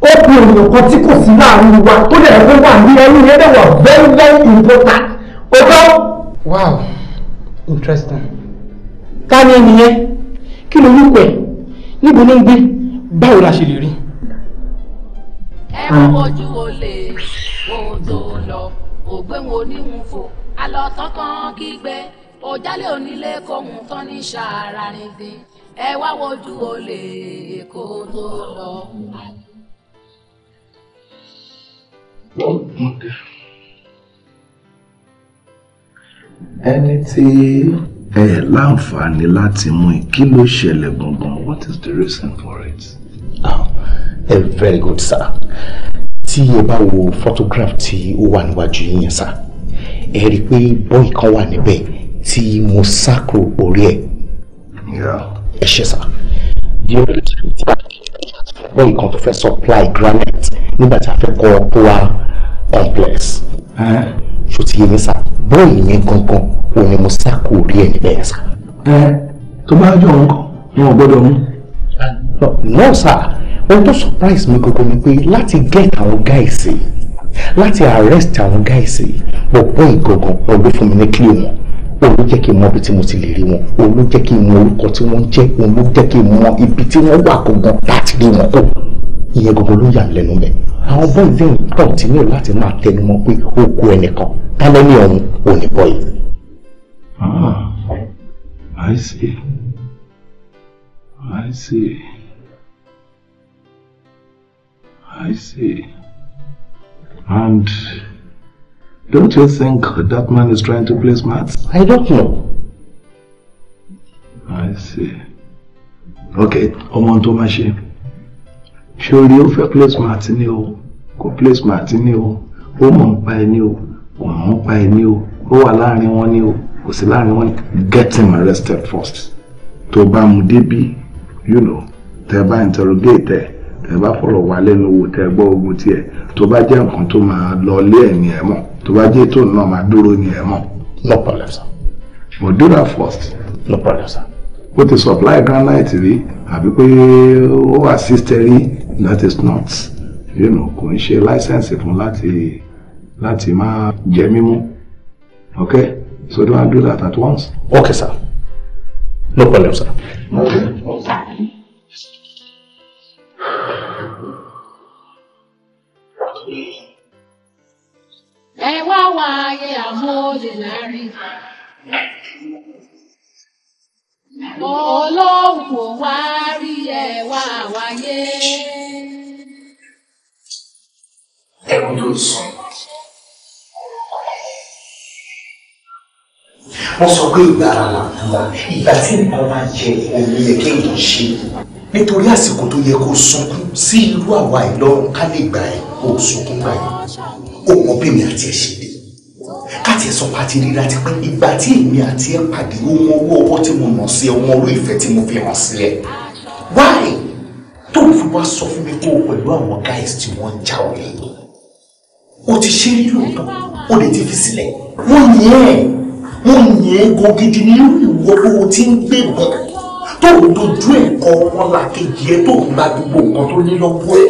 ó pe ènìyàn kan tí kò sí láàrin wa tó dẹ̀ fẹ́ wà ní ẹrú yẹn dẹ̀ wà very very important. ó tọ́. wow interesting. ta ni ẹnìyẹn kí ló lóko ẹ níbo ló ń gbé báwo la ṣe lè rí. ẹ wo ojú olè ohun tó lọ ògbé wo níhun fò alọ́tán kan kígbe òjálẹ̀ onílé kóhun tán ní sàárà rìndín ẹ wá wojú olè kó tó lọ. Well, okay. ẹni tí ẹ láǹfààní láti mú i kí ló ṣẹlẹ̀ gangan what is the reason for it. Oh, ah, a very good sir tí ẹ bá wo photograph tí ó wà níwájú yín sir ẹ rí i pé bọ́ì kan wà níbẹ̀ tí mo sákò orí ẹ̀ ẹ ṣe sir bọ́ì kan tó fẹ́ supply granite nígbà tí a fẹ́ kọ́ power complex. Uh ṣó ti yé mi sá bọ́ọ̀lù yẹn gangan òun ni mo sá kó rí ẹ̀ níbẹ̀ yẹn sá. ẹ tó bá jọ òun kan wọn ò gbọ́dọ̀ mú. no sir ohun tó surprise mi gangan ni pé láti get àwọn guys láti arrest àwọn guys gbogbo ìgangan ọgbẹ́ fún mi ní clear wọn òun ló jẹ́ kí n mọ ibi tí mo ti lè rí wọn òun ló jẹ́ kí n mọ orúkọ tí wọ́n jẹ́ òun jẹ́ kí n mọ ibi tí wọ́n wà gangan láti rí wọn kó ìyẹn gbogbo ló yà lẹ́nu bẹ́ẹ̀ àwọn boys dẹ̀ ń kọ̀tínú láti máa tẹnumọ́ pé ó kú ẹnìkan tálọ́ ní ọ̀run ò ní bọ́ yìí. ah i see i see i see and don't you think that man is trying to place mats? i don't know. i see okay ọmọ tó máa ṣe ṣorí ó fẹ́ play smart ni o kò play smart ni o ó mọ̀ ń pa ẹni o kò mọ̀ ń pa ẹni o ó wà láàrin wọn ni o kò sí láàrin wọn ni get him arrested first tó bá mu débi you know tẹ bá interrogate ẹ ẹ bá fọ̀rọ̀ wá lẹ́nu wò tẹ́ gbọ́ ogun tiẹ̀ tó bá jẹ́ nǹkan tó máa lọ lé ẹ̀ ní ẹ̀ tó bá jẹ́ tó náà máa dúró ní ẹ̀ mọ̀. no problem sir. mo do first. no problem sir. ó ti supply granite rí àbí pé ó assist rí that is not you know kò ń ṣe láísẹ̀nsì fún láti láti máa jẹ mímú okay so do I do that at once. okay sir no problem sir. okay. ẹ wá wá ayé àmọ́ òdìlárí. Ọlọ́run kò wá rí ẹwà wáyé. Ẹ̀rù yóò sùn. Wọ́n sọ pé ìgbà ara là ń dúrà, ìgbà tí nǹkan máa jẹ omi yẹ kí èèyàn ṣe. Nítorí àsìkò tó yẹ kó sunkún sí irú àwa ìlọrun ká lè gbà ẹ̀ kó sunkún gbà ẹ̀. Ó mọ bí mi àti ẹ̀ ṣe káti ẹ̀sọ́ pàtí ríra ti pẹ́ ìgbà tí èmi àti ẹ̀ pàdé ohun owó ọwọ́ tí mo nà sí ọmọ orí ìfẹ́ tí mo fi hàn sí ẹ̀ why tó fi wá sọ fún mi kó o pẹ̀lú àwọn guys tí wọ́n ń já o lè o ti ṣe rí lóòótọ́ o lè ti fi sílẹ̀ mo yẹn ẹ̀ mo yẹn go gidi nínú ìwọ lówó tí ń gbé bọ̀ tó ń dojú ẹ̀kọ́ ọmọlàkejì ẹ tó ń gba gbogbo nǹkan tó ní lọ́wọ́ ẹ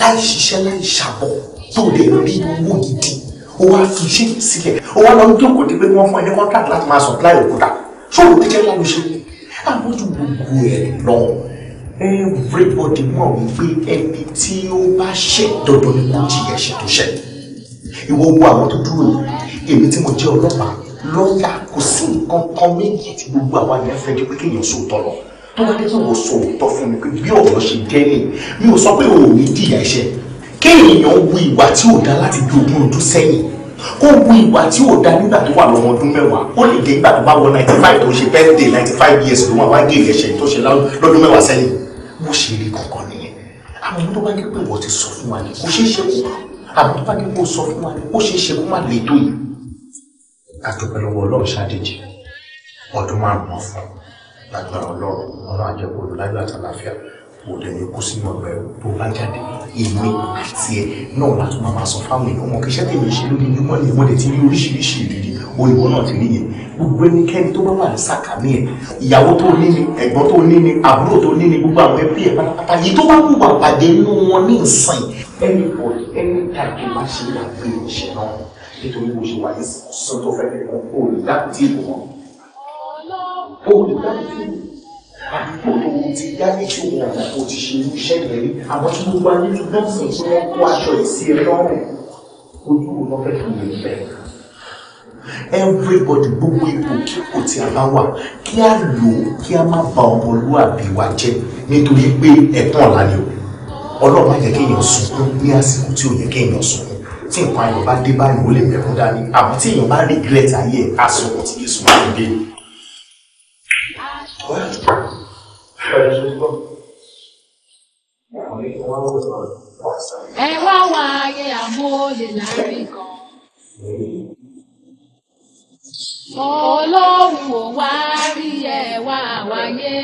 láì ṣiṣẹ́ láì ṣàbọ̀ tó lè rí owó gidi ó wá fi ṣé sílẹ̀ ó wá lọ ń jókòó ní pé wọ́n fún ẹ ní contract láti máa supply òkúta ṣòwò tẹ́jẹ́ láwọn ṣe ni àwọn tó gbogbo ẹ̀ lọ everybody mọ̀ wípé ẹni tí ó bá ṣe dandan ni kò jìyà ṣe tó ṣẹ ìwọ wo àwọn tó dúró ní èmi tí mo jẹ́ ọlọ́pàá lọ́yà kò sí nǹkan kan méjì tí gbogbo àwọn àyàn fẹ́ ju pé kéèyàn sòótọ́ lọ tó bá dé sọ̀rọ̀ sòótọ́ fún mi pé bí ọ̀rọ̀ ṣe jẹ́ nìyí mi ò sọ pé òun ní jìyà ẹ̀ṣẹ̀ kéèyàn wu ìwà tí ò dá láti bí ogún ọdún sẹ́yìn kó wu ìwà tí ò dá nígbà tó wà lọ́mọ ọdún mẹ́wàá ó lè dé ìgbà tó bá wọ ninety five tó ṣe birthday ninety five years ló wà wá gé ìrẹsẹ̀ tó ṣe lọ́dún mẹ́wàá sẹ́yìn bó ṣe rí kankan nìyẹn àwọn ọmọ tó bá wọ́n ti sọ fún wa ni kó ṣeé ṣe kó àwọn tó bá gé kó sọ fún wa ni kó ṣeé ṣe kó má le tó yìí. àdùpẹ́ lọ́wọ́ ọlọ́run ṣàdéjì ọdún kò dẹ̀ ní kó sínú ọgbà ẹ̀rọ tó bá jáde èmi àti ẹ náà láti máa sọ fáwọn èèyàn wọn kì í tèmi ṣe lórí ní wọn ni wọn ti rí oríṣiríṣi ìrírí òyìnbó náà ti níyẹn gbogbo ẹnikẹ́ni tó bá wà ní sàkání ẹ̀ ìyàwó tó ní ni ẹ̀gbọ́n tó ní ni àbúrò tó ní ni gbogbo àwọn ẹbí ẹ̀ pátápátá yìí tó bá wùwà bàjẹ́ nínú wọn ní ìsìn ẹni pọ̀ ẹni tàbí má ṣe wà pé ìṣẹ̀ náà nítorí àbúrò ti dání tí wọn ọ̀nà tó ti ṣe irú iṣẹ́ yẹn rí àwọn tí gbogbo ayé tó bẹ́ẹ̀ sì tí wọ́n kó aṣọ ìsí ẹ lọ́rùn ojú wo lọ́fẹ́ tó lè fẹ́. everybody gbogbo ipò kíkò tí a bá wà kí a lò ó kí a má ba ọmọlúwàbí wa jẹ́ nítorí pé ẹ̀tàn ọ̀la ni o ọlọ́run á yẹ kéèyàn sunkún ní àsìkò tí ò yẹ kéèyàn sunkún tí nǹkan ayọ̀ bá dé báyìí ó lè mẹ́kún dání àbí tí èèyàn bá regret ayé àsọ̀rọ̀ tí Jésù máa ń gbé Ẹ wá ayé àmóye láàrin kan. Ọlọ́run ò rí ẹ wáyé.